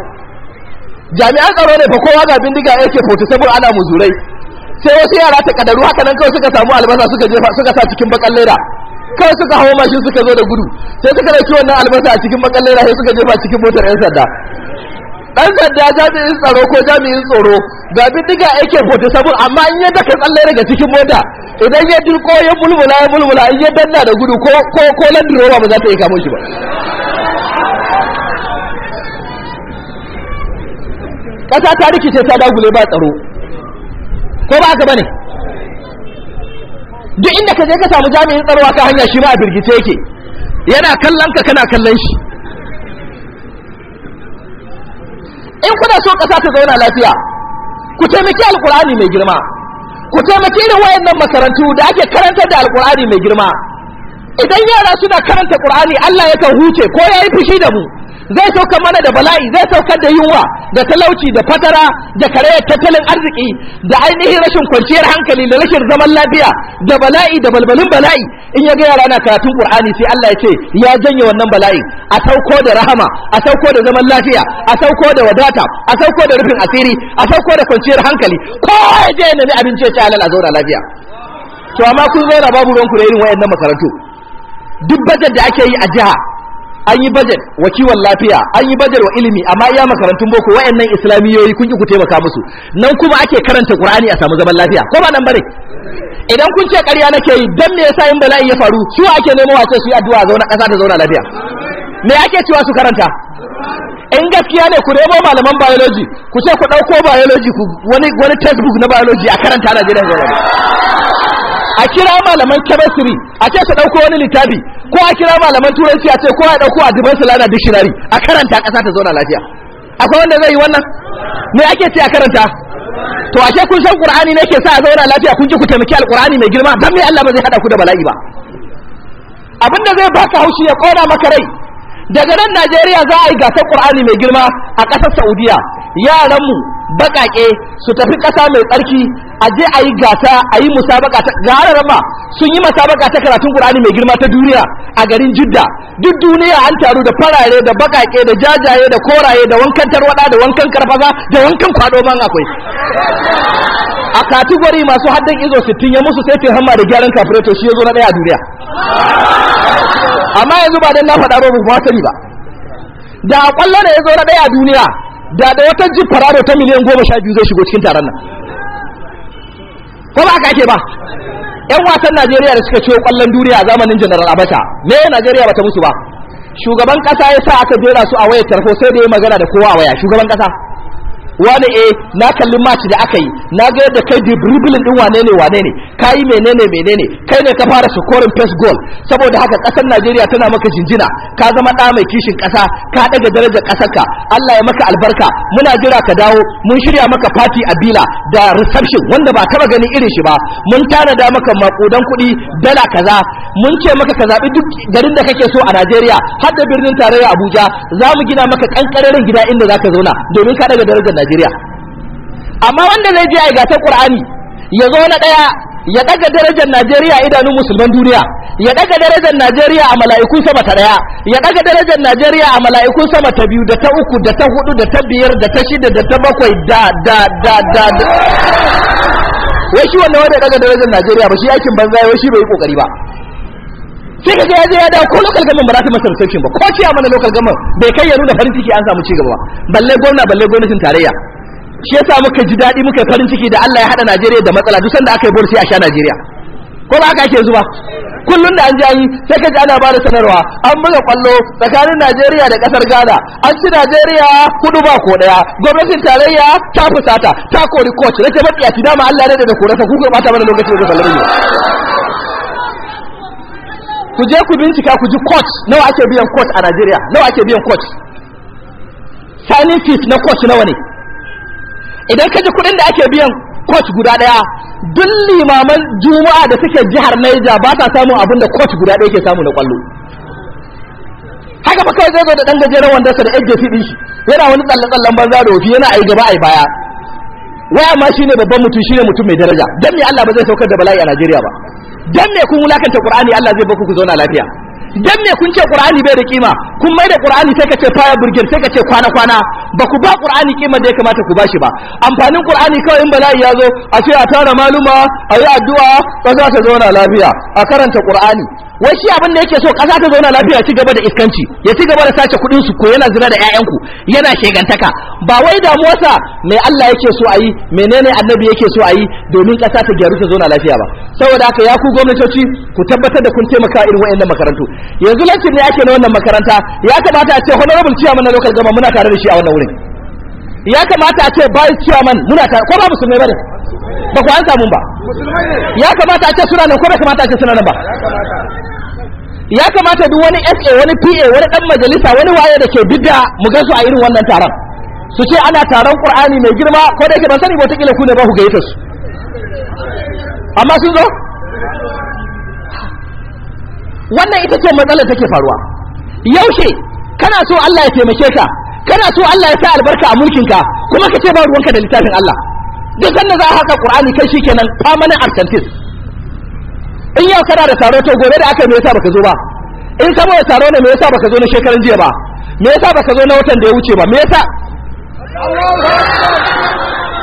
jami'an tsaro ne ba kowa ga bindiga yake saboda ana muzurai sai wasu yara ta kadaru haka nan kawai suka samu albasa suka suka sa cikin bakan leda kai suka hawa mashin suka zo da gudu sai suka dauki wannan albasa a cikin makalle sai suka jefa cikin motar yan sanda dan sanda yi tsaro ko jami'in tsoro ga diga yake foto sabu amma in ya daka tsalle daga cikin mota idan ya dirko ya bulbula ya bulbula in ya danna da gudu ko ko ko landiroba ba za ta yi kamo shi ba kasa ta rikice ta dagule ba tsaro ko ba ka bane duk inda ka je ka samu jami'in tsaro ka hanya shi ba a birgice yake yana kallon ka kana kallon shi in kuna so ƙasa ta zauna lafiya ku taimaki Alƙur'ani mai girma ku taimaki irin wayannan masarantu da ake karantar da alkur'ani mai girma idan yara suna karanta ƙur'ani, Allah kan huce ko yayi fushi da mu zai sauka mana da bala'i zai saukar da yunwa da talauci da fatara da karayar tattalin arziki da ainihin rashin kwanciyar hankali da rashin zaman lafiya da bala'i da balbalin bala'i in ya ga yara na karatun qur'ani sai Allah ya ce ya janye wannan bala'i a sauko da rahama a sauko da zaman lafiya a sauko da wadata a sauko da rufin asiri a sauko da kwanciyar hankali ko ya je ne abinci ya ci halal a zauna lafiya to amma kun zauna babu ruwan ku da irin wayannan makarantu duk bajar da ake yi a jiha an yi bajet wa kiwon lafiya an yi bajet wa ilimi amma iya makarantun boko wayannan islamiyoyi kun ki ku taimaka musu nan kuma ake karanta qur'ani a samu zaman lafiya ko ba nan bare idan kun ce ƙarya nake yi dan me yasa in bala'i ya faru su ake nemo wace su yi addu'a zauna ƙasa ta zauna lafiya me ake cewa su karanta in gaskiya ne ku nemo malaman biology ku ce ku ɗauko biology ku wani wani textbook na biology a karanta na gidan zauna a kira malaman chemistry a ce su dauko wani littafi ko a kira malaman turanci a ce ko a dauko advanced learner dictionary a karanta kasa ta zauna lafiya akwai wanda zai yi wannan me ake ce a karanta to ashe kun san qur'ani ne ke sa a zauna lafiya kun ji ku taimaki alqur'ani mai girma dan me Allah ba zai hada ku da bala'i ba abinda zai baka haushi ya kona maka rai daga nan Najeriya za a yi gasar qur'ani mai girma a ƙasar Saudiya yaranmu baƙaƙe su tafi ƙasa mai tsarki a je a yi gasa a yi musabaka ta ma sun yi musabaka ta karatun Qur'ani mai girma ta duniya a garin Jidda duk duniya an taru da farare da baƙaƙe da jajaye da koraye da wankan tarwada da wankan karfaza da wankan kwado man akwai a kategori masu haddan izo 60 ya musu sai hamma da gyaran kafireto shi yazo na daya a duniya amma yanzu ba dan na faɗa ba ba ba da kwallo da yazo na daya a duniya da da wata jin farado ta miliyan goma sha biyu zai shigo cikin taron nan ko ba ka ake ba yan wasan najeriya da suka ciwo kwallon duniya a zamanin general abacha me najeriya bata musu ba shugaban kasa ya sa aka jera su a wayar tarho sai da ya magana da kowa waya shugaban kasa wani eh na kalli match da aka yi na ga yadda kai dribbling din wane ne wane ne kai menene menene kai ne ka fara scoring first goal saboda haka kasar Najeriya tana maka jinjina ka zama da mai kishin kasa ka daga darajar ka Allah ya maka albarka muna jira ka dawo mun shirya maka party a Bila da reception wanda ba taba gani irin shi ba mun tanada maka makudan kuɗi dala kaza mun ce maka ka zaɓi duk garin da kake so a Najeriya har da birnin tarayya Abuja za mu gina maka kankararin gida inda zaka zauna domin ka daga darajar Najeriya amma wanda zai je ya gasar Qur'ani ya zo na daya ya daga darajar Najeriya idanun musulman duniya ya daga darajar Najeriya a mala'ikun sama ta daya ya daga darajar Najeriya a mala'ikun sama ta biyu da ta uku da ta hudu da ta biyar da ta shida da ta bakwai da da da da wai shi wanda wanda daga darajar Najeriya ba shi yakin banza wai shi bai yi kokari ba sai kaga yaje ya dawo ko local government ba za ta masa reception ba ko ciya mana local government bai kai ya nuna farin ciki an samu cigaba ba balle gwamna balle gwamnatin tarayya shi yasa muka ji daɗi muka farin ciki da Allah ya haɗa Najeriya da matsala duk sanda aka yi bol sai a sha Najeriya ko ba haka ake zuwa kullum da an ji an yi sai ka ji ana ba da sanarwa an buga kwallo tsakanin Najeriya da kasar Ghana an ci Najeriya kudu ba ko daya gwamnatin tarayya ta fusata ta kori coach rake matsiyaci dama Allah ne da korasa kuka bata mana lokaci da kuka ku je ku bincika ku ji coach nawa ake biyan coach a Najeriya nawa ake biyan coach signing fees na coach nawa ne idan ka ji kuɗin da ake biyan coach guda ɗaya duk limaman juma'a da suke jihar Naija ba sa samun abin da coach guda ɗaya ke samu na kwallo haka fa kawai zai zo da ɗan gajeren wandonsa da ɗan jefi ɗin shi yana wani tsalle-tsallen banza da wofi yana a gaba a baya waya ma shine babban mutum shine mutum mai daraja dan me Allah ba zai saukar da bala'i a Najeriya ba dan me kun wulakanta qur'ani Allah zai baku ku zauna lafiya dan me kun ce qur'ani bai da kima kun mai da qur'ani sai ka ce fire burger sai ka ce kwana kwana ba ku ba qur'ani kima da ya kamata ku bashi ba amfanin qur'ani kawai in bala'i ya zo a ce a tara maluma a yi addu'a ba za ta zauna lafiya a karanta qur'ani wai shi abin da yake so ƙasa ta zauna lafiya ci gaba da iskanci ya ci gaba da sace kuɗin su ko yana zina da ƴaƴanku yana shegantaka ba wai damuwarsa mai Allah yake so a yi menene annabi yake so a yi domin ƙasa ta gyaru ta zauna lafiya ba saboda haka ya ku gwamnatoci ku tabbatar da kun taimaka irin waɗannan makarantu yanzu lancin ne ake na wannan makaranta ya kamata a ce honorable chairman na local gama muna tare da shi a wannan wurin ya kamata a ce vice chairman muna tare ko ba musulmai bane ba ku an samu ba ya kamata a ce suna nan ko bai kamata a ce suna nan ba ya kamata duk wani SA wani PA wani dan majalisa wani waye da ke bidda mu ga su a irin wannan taron su ce ana taron Qur'ani mai girma ko da yake ban sani ba kila ku ne ba ku gaita su amma sun zo wannan ita ce matsalar take faruwa yaushe kana so Allah ya taimake ka kana so Allah ya sa albarka a mulkinka kuma ka ce ba ruwanka da littafin Allah duk sanda za a haka qur'ani kai shikenan permanent absentees in yau kana da taro to gobe da aka me yasa baka zo ba in ya taro ne me yasa baka zo na shekaran jiya ba me yasa baka zo na watan da ya wuce ba me yasa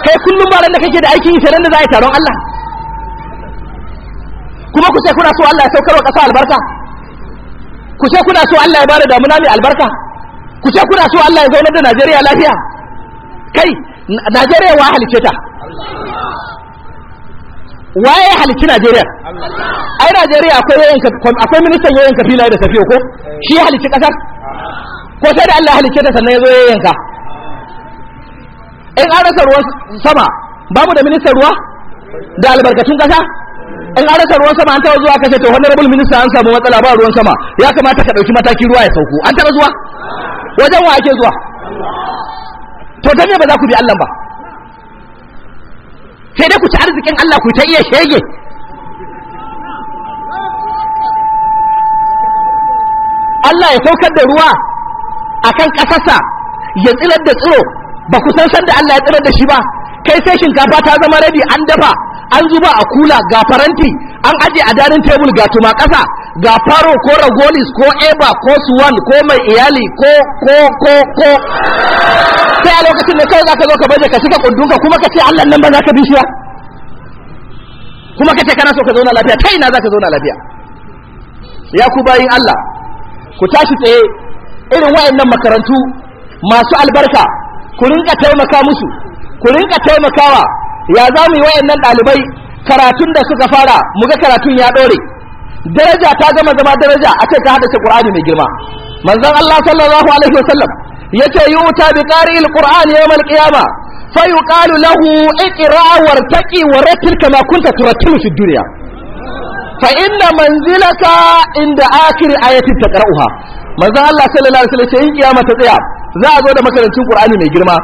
kai kullum ba da kake da aikin sai da za a yi taron Allah kuma ku ce kuna so Allah ya saukar wa ƙasa albarka ku ce kuna so Allah ya bada damuna mai albarka ku ce kuna so Allah ya zaunar da Najeriya lafiya kai Najeriya wa halice ta waye ya Najeriya ai Najeriya akwai yayin akwai ministan yayin kafila da safiyo ko shi ya kasar ko sai da Allah halicce ta sannan yazo yayin ka in an rasa ruwan sama babu da ministan ruwa da albarkatun kasa in an rasa ruwan sama an taba zuwa kashe to honorable minister an samu matsala ba ruwan sama ya kamata ka dauki mataki ruwa ya sauko an taba zuwa wajen wa ake zuwa to dan ne ba za ku bi Allah ba sai dai ku ci arzikin Allah ku ta iya shege Allah ya saukar da ruwa a kan ƙasasa ya tsirar da tsiro ba ku san san da Allah ya tsirar da shi ba kai sai shinkafa ta zama rabi an dafa an zuba a kula ga faranti an ajiye a darin tebul ga tuma ƙasa ga faro ko ragolis ko eba ko suwan ko mai iyali ko ko ko ko sai a lokacin da kawai zaka zo ka baje ka shiga kundunka kuma ka ce Allah nan ba za ka bi kuma ka ce kana so ka zauna lafiya ta ina za ka zauna lafiya ya ku bayin Allah ku tashi tsaye irin wayannan makarantu masu albarka ku rinka taimaka musu ku rinka taimakawa ya za mu yi wayannan ɗalibai karatun da suka fara mu ga karatun ya ɗore daraja ta gama zama daraja a ce ka hada shi qur'ani mai girma manzon Allah sallallahu alaihi wasallam yace yuta bi qari'il qur'an yawmal qiyama fa yuqalu lahu iqra wartaqi warattil kama kunta turattilu fi dunya fa inna manzilaka inda akhir ayatin taqra'uha manzo Allah sallallahu alaihi wasallam yace in kiyama ta tsaya za a zo da makarantun qur'ani mai girma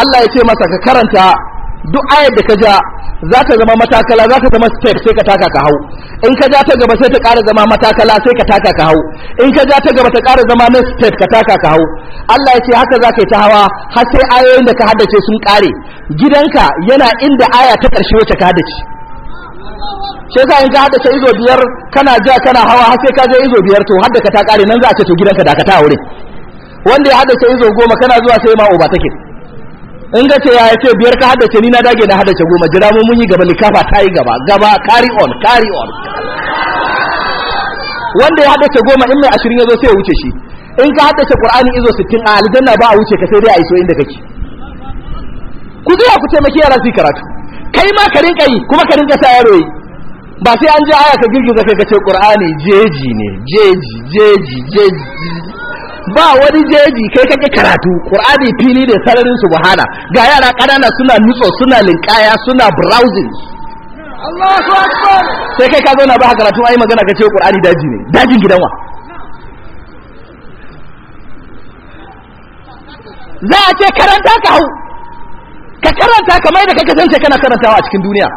Allah ya ce masa ka karanta duk ayar da ka ja za ta zama matakala za ta zama step sai ka taka ka hau in ka ja ta gaba sai ta ƙara zama matakala sai ka taka ka hau in ka ja ta gaba ta ƙara zama na step ka taka ka hau Allah ya ce haka za ka yi ta hawa har sai ayoyin da ka haddace sun kare. gidanka yana inda aya ta ƙarshe wacce ka haddace sai ka in ka haddace izo biyar kana ja kana hawa har sai ka je izo biyar to da ka ta ƙare nan za a ce to gidanka da ka ta aure wanda ya haddace izo goma kana zuwa sai ma uba take in ga ce ya ce biyar ka haddace ni na dage na haddace goma jira mu mun yi gaba likafa ta yi gaba gaba carry on carry on wanda ya haddace goma in mai ashirin ya zo sai ya wuce shi in ka haddace qur'ani izo sittin a aljanna ba a wuce ka sai dai a iso inda kake ku zuwa ku taimaki yara su karatu kai ma ka rinka yi kuma ka rinka sa yaro yi ba sai an ji aya ka girgiza kai ka ce qur'ani jeji ne jeji jeji jeji ba wani jeji kai kake karatu qur'ani fili da sararin subhana ga yara kanana suna nutso suna linkaya suna browsing Allahu akbar sai kai ka zo na ba karatu ai magana kace qur'ani daji ne dajin gidan wa za a ce karanta ka hau ka karanta kamar da kake san kana karantawa a cikin duniya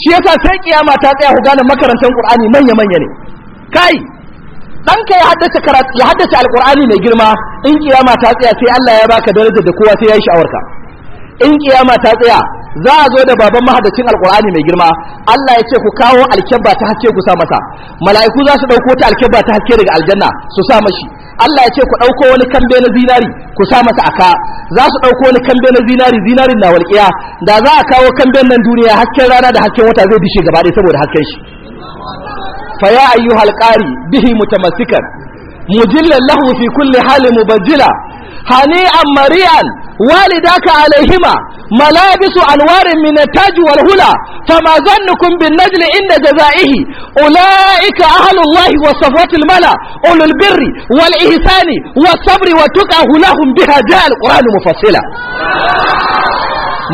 shi yasa sai kiyama ta tsaya ku gane makarantar qur'ani manya manya ne kai ɗanka ya ya haddace alƙur'ani mai girma in kiyama ta tsaya sai Allah ya baka daraja da kowa sai ya yi sha'awarka in kiyama ta tsaya za a zo da baban mahaddacin alkur'ani mai girma Allah ya ce ku kawo alkebba ta haske ku sa masa mala'iku za su dauko ta alkebba ta haske daga aljanna su sa mashi Allah ya ce ku dauko wani kambe na zinari ku sa masa aka za su dauko wani kambe na zinari zinarin na walƙiya da za a kawo kamben nan duniya hasken rana da haske wata zai dishe gaba ɗaya saboda hasken shi فيا أيها القاري به متمسكا مجلا له في كل حال مبجلا هنيئا مريئا والداك عليهما ملابس أنوار من التاج والهلا فما ظنكم بالنجل عند جزائه أولئك أهل الله وصفوة الملا أولو البر والإحسان والصبر وتقعه لهم بها جاء القرآن مفصلا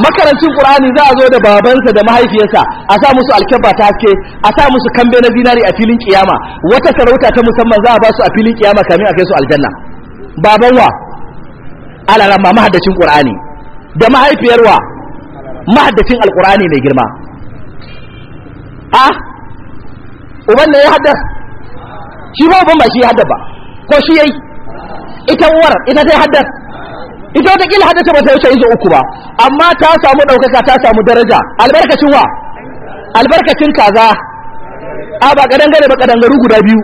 makarancin qur'ani za a zo da babansa da mahaifiyarsa a sa musu alkabba ta haske a sa musu kambe na zinari a filin kiyama wata sarauta ta musamman za a ba su a filin kiyama kamin a kai su aljanna baban wa alaran ma mahaddacin qur'ani da mahaifiyar wa mahaddacin alqur'ani mai girma a uban ne ya hadda shi ba uban ba shi ya hadda ba ko shi yayi ita uwar ita ta hadda ita wata kila hadasa ba ta wuce izo uku ba amma ta samu ɗaukaka ta samu daraja albarkacin wa albarkacin kaza a ba kadangare ba kadangaru guda biyu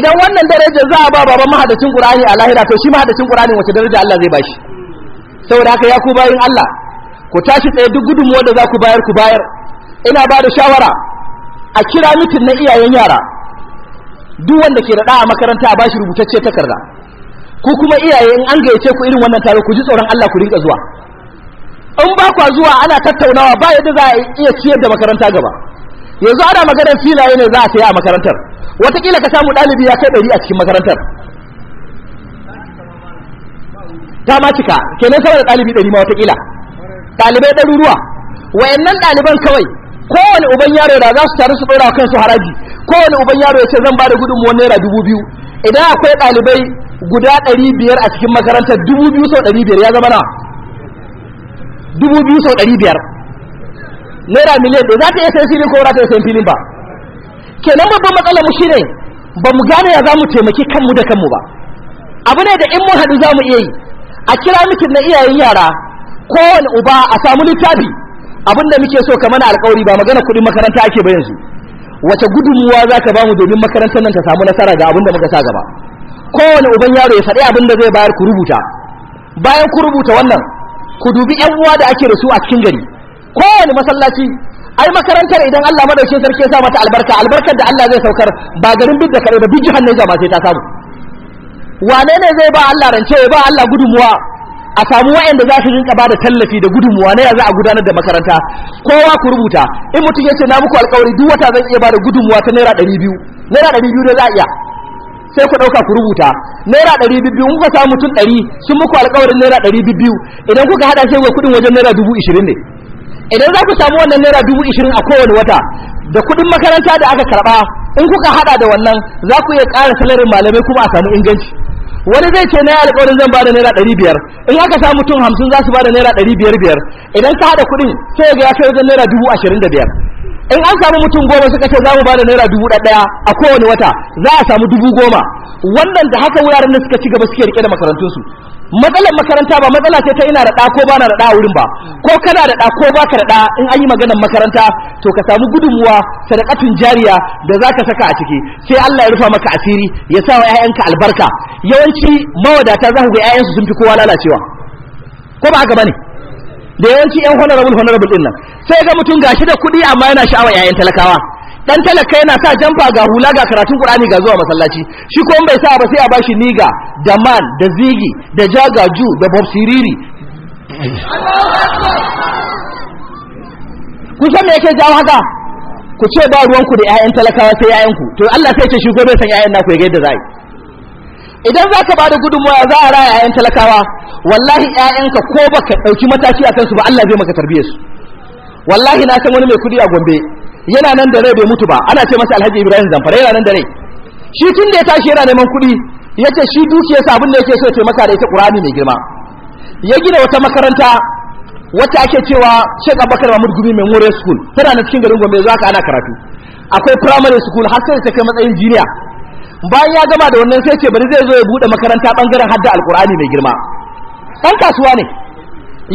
idan wannan daraja za a ba baban mahadacin qur'ani a lahira to shi mahadacin qur'ani wace daraja Allah zai bashi saboda haka ya ku bayin Allah ku tashi tsaye duk gudun da za ku bayar ku bayar ina ba da shawara a kira mitin na iyayen yara duk wanda ke da a makaranta a bashi rubutacce takarda ku kuma iyaye in an gayyace ku irin wannan taro ku ji tsoron Allah ku rinka zuwa in ba kwa zuwa ana tattaunawa ba yadda za a iya ciyar da makaranta gaba yanzu ana maganar filaye ne za a saya a makarantar watakila ka samu ɗalibi ya kai ɗari a cikin makarantar ta ma cika kenan sama da ɗalibi ɗari ma watakila ɗalibai ɗaruruwa wayannan ɗaliban kawai kowane uban yaro da za su taru su kan su haraji kowane uban yaro ya ce zan ba da gudunmuwar naira dubu biyu idan akwai ɗalibai guda ɗari biyar a cikin makarantar dubu biyu sau ɗari biyar ya zama na dubu biyu sau ɗari biyar naira miliyan ɗaya za ta iya sayan filin ko ba za ta iya sayan filin ba kenan babban matsalar mu ne ba mu gane ya za mu taimaki kanmu da kanmu ba abu ne da in mun haɗu za mu iya yi a kira mikin na iyayen yara kowane uba a samu littafi Abin da muke so ka mana alƙawari ba magana kuɗin makaranta ake ba yanzu wace gudunmuwa za ka bamu domin makarantar nan ta samu nasara ga abin da muka sa gaba kowane uban yaro ya faɗi abin da zai bayar ku rubuta bayan ku rubuta wannan ku dubi yan uwa da ake da su a cikin gari kowane masallaci ai makarantar idan Allah madaukakin sarki ya sa mata albarka albarkar da Allah zai saukar ba garin duk da kare ba duk jihar Niger ba sai ta samu wane ne zai ba Allah rance ya ba Allah gudunmuwa a samu waɗanda za su rinka ba da tallafi da gudunmuwa na ya za a gudanar da makaranta kowa ku rubuta in mutum ya ce na muku alkawari duk wata zan iya ba da gudunmuwa ta naira ɗari biyu naira ɗari biyu ne za a iya sai ku ɗauka ku rubuta naira ɗari biyu kuka samu mutum ɗari sun muku alkawarin naira ɗari biyu idan kuka haɗa sai kuɗin wajen naira dubu ishirin ne idan za ku samu wannan naira dubu ishirin a kowane wata da kuɗin makaranta da aka karɓa in kuka haɗa da wannan za ku iya ƙara salarin malamai kuma a samu inganci wani zai ce na alƙawarin zan bada naira ɗari biyar in aka sa mutum hamsin za su bada naira ɗari biyar biyar idan ka haɗa kuɗin sai ga ya kai wajen naira dubu ashirin da biyar in an samu mutum goma suka ce za mu ba da naira dubu ɗaya a kowane wata za a samu dubu goma wannan da haka wuraren da suka ci gaba suke rike da makarantunsu matsalar makaranta ba matsala ce ta ina da ɗa ko ba na da ɗa a wurin ba ko kana da ɗa ko ba ka da ɗa in an yi maganar makaranta to ka samu gudunmuwa sadakatun jariya da za ka saka a ciki sai Allah ya rufa maka asiri ya sa wa 'ya'yanka albarka yawanci mawadata za ku ga 'ya'yansu sun fi kowa lalacewa ko ba haka ne. da yawanci yan honorable honorable din nan sai ga mutum gashi da kuɗi amma yana sha'awa yayin talakawa dan talaka yana sa jamfa ga hula ga karatun qur'ani ga zuwa masallaci shi ko bai sa ba sai a bashi niga da man da zigi da jagaju da bob siriri ku san me yake jawo haka ku ce ba ruwanku da 'ya'yan talakawa sai 'ya'yanku to Allah sai ce shi gobe san 'ya'yan naku ya ga yadda idan za ka bada gudunmawa za a raya 'ya'yan talakawa wallahi 'ya'yanka ko ba ka ɗauki mataki a kansu ba Allah zai maka tarbiyyar su wallahi na san wani mai kuɗi a gombe yana nan da rai bai mutu ba ana ce masa alhaji ibrahim zamfara yana nan da rai shi tun da ya tashi yana neman kuɗi ya ce shi dukiyarsa abin da yake so ya taimaka da ita ƙurani mai girma ya gina wata makaranta wacce ake cewa Sheikh Abubakar Mahmud Gumi Memorial School tana na cikin garin Gombe za ka ana karatu akwai primary school har sai ta kai matsayin jiniya bayan ya gama da wannan sai ce bari zai zo ya bude makaranta bangaren hadda alkur'ani mai girma dan kasuwa ne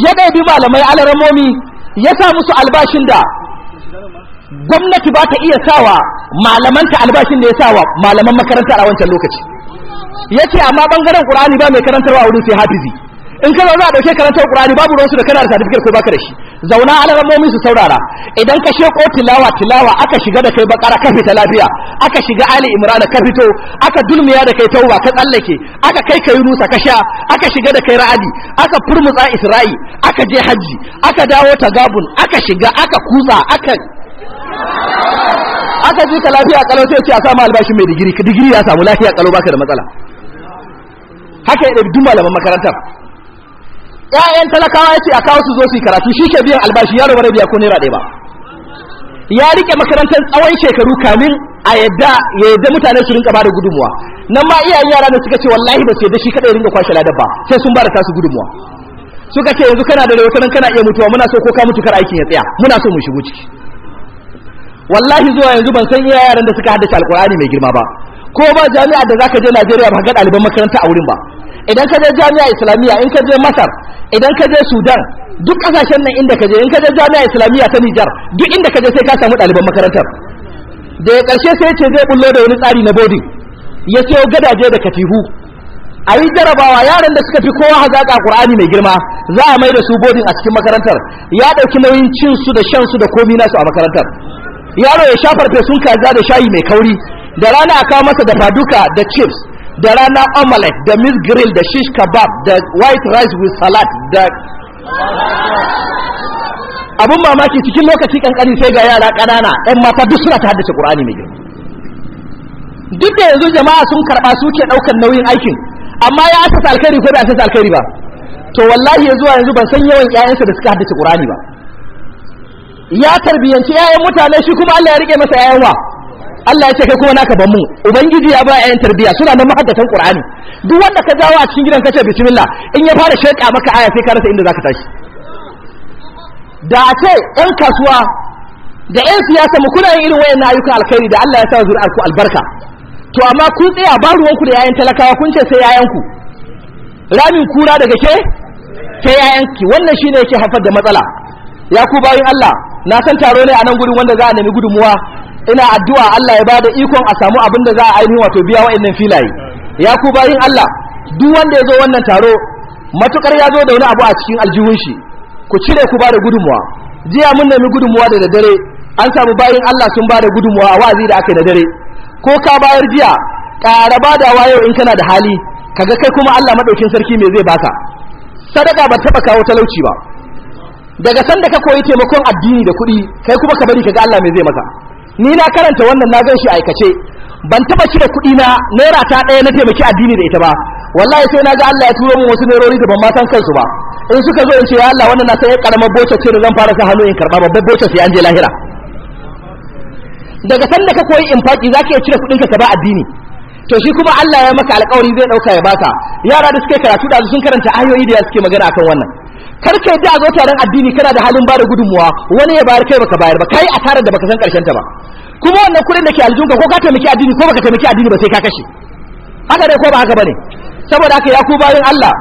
ya bi malamai alaramomi ya sa musu albashin da gwamnati ba ta iya sawa malamanta albashin da ya sawa malaman makaranta a wancan lokaci ya ce amma bangaren ƙur'ani ba mai karantarwa wurin sai hafizi in ka za a dauke karantar qur'ani babu ruwansu da kana da certificate ko baka da shi zauna alamomin su saurara idan ka sheko tilawa tilawa aka shiga da kai bakara ka fita lafiya aka shiga ali imran ka fito aka dulmiya da kai tauba ka tsallake aka kai kai rusa ka sha aka shiga da kai ra'adi aka furmutsa isra'i aka je haji aka dawo tagabun aka shiga aka kutsa aka aka ji ka lafiya kalau sai ce a samu albashi mai digiri digiri ya samu lafiya kalau baka da matsala haka ya dubi duk malaman makarantar ƴaƴan talakawa ce a kawo su zo su karatu shi ke biyan albashi yaro bare biya ko naira ɗaya ba ya rike makarantar tsawon shekaru kamin a yadda ya yadda mutane su rinƙa bada gudunmuwa nan ma iyayen yara da suka ce wallahi ba su yadda shi kada ya rinka kwashe ladan ba sai sun bada tasu gudunmuwa suka ce yanzu kana da rahoton kana iya mutuwa muna so ko ka mutu kar aikin ya tsaya muna so mu shigo ciki wallahi zuwa yanzu ban san iyayen yaran da suka haddace alkur'ani mai girma ba ko ba jami'a da zaka je Najeriya ba ga ɗaliban makaranta a wurin ba idan ka je jami'a islamiyya in ka je masar idan ka je sudan duk kasashen nan inda ka je in ka je jami'a islamiyya ta nijar duk inda ka je sai ka samu ɗaliban makarantar da ya ƙarshe sai ce zai bullo da wani tsari na bodin ya siyo gadaje da katihu a yi jarabawa yaran da suka fi kowa hazaƙa ƙur'ani mai girma za a mai da su bodin a cikin makarantar ya ɗauki nauyin cin su da shan su da komi nasu a makarantar yaro ya shafar fesun kaza da shayi mai kauri da rana a kawo masa da faduka da chips da rana omelette da meat grill da shish kebab da white rice with salad da abun mamaki cikin lokaci kankani sai ga yara kanana ɗan mata duk suna ta haddace ƙur'ani mai girma duk da yanzu jama'a sun karɓa su ke ɗaukar nauyin aikin amma ya asasa alkhairi ko bai asasa alkhairi ba to wallahi ya zuwa yanzu ban san yawan ƴaƴansa da suka haddace ƙur'ani ba ya tarbiyyanci ƴaƴan mutane shi kuma Allah ya rike masa ƴaƴan wa Allah ya ce kai kuma naka ban mu ubangiji ya ba ayan tarbiya suna nan mahaddatan qur'ani duk wanda ka dawo a cikin gidan kace bismillah in ya fara sheka maka aya sai ka rasa inda zaka tashi da a ce yan kasuwa da yan siyasa mu kuna yin irin na ayyukan alkhairi da Allah ya sa zuri'ar ku albarka to amma kun tsaya ba ku da yayan talakawa kun ce sai yayan ku ramin kura daga ke sai yayan ki wannan shine yake haifar da matsala ya ku Allah na san taro ne a nan gurin wanda za a nemi gudunmuwa ina addu'a Allah ya bada ikon a samu abin da za a ainihin wato biya wa'annan filaye ya ku bayin Allah duk wanda ya zo wannan taro matukar ya zo da wani abu a cikin aljihun shi ku cire ku bada gudunmuwa jiya mun nemi gudunmuwa da daddare an samu bayin Allah sun bada gudunmuwa a wa'azi da aka da dare ko ka bayar jiya ƙara wa yau in kana da hali kaga kai kuma Allah madaukin sarki me zai baka sadaka ba taɓa kawo talauci ba daga sanda ka koyi taimakon addini da kuɗi kai kuma ka bari kaga Allah me zai maka ni na karanta wannan na gan shi aikace ban taba shi da kuɗi na naira ta ɗaya na taimaki addini da ita ba wallahi sai na ga Allah ya turo min wasu nerori da ban ma san kansu ba in suka zo in ce ya Allah wannan na sai karamar bocha ce da zan fara sa hannu in karba babbar bocha sai an je lahira daga sanda ka koyi infaki zaka iya cire kudin ka ba addini to shi kuma Allah ya maka alƙawari zai ɗauka ya baka yara da suke karatu da sun karanta ayoyi da suke magana akan wannan karka yadda a zo taron addini kana da halin bada gudunmuwa wani ya bayar kai baka bayar ba kai a tarar da baka san karshen ta ba kuma wannan kuɗin da ke aljunka ko ka taimaki addini ko baka taimaki addini ba sai ka kashe haka dai ko ba haka bane saboda haka ya ku bayan Allah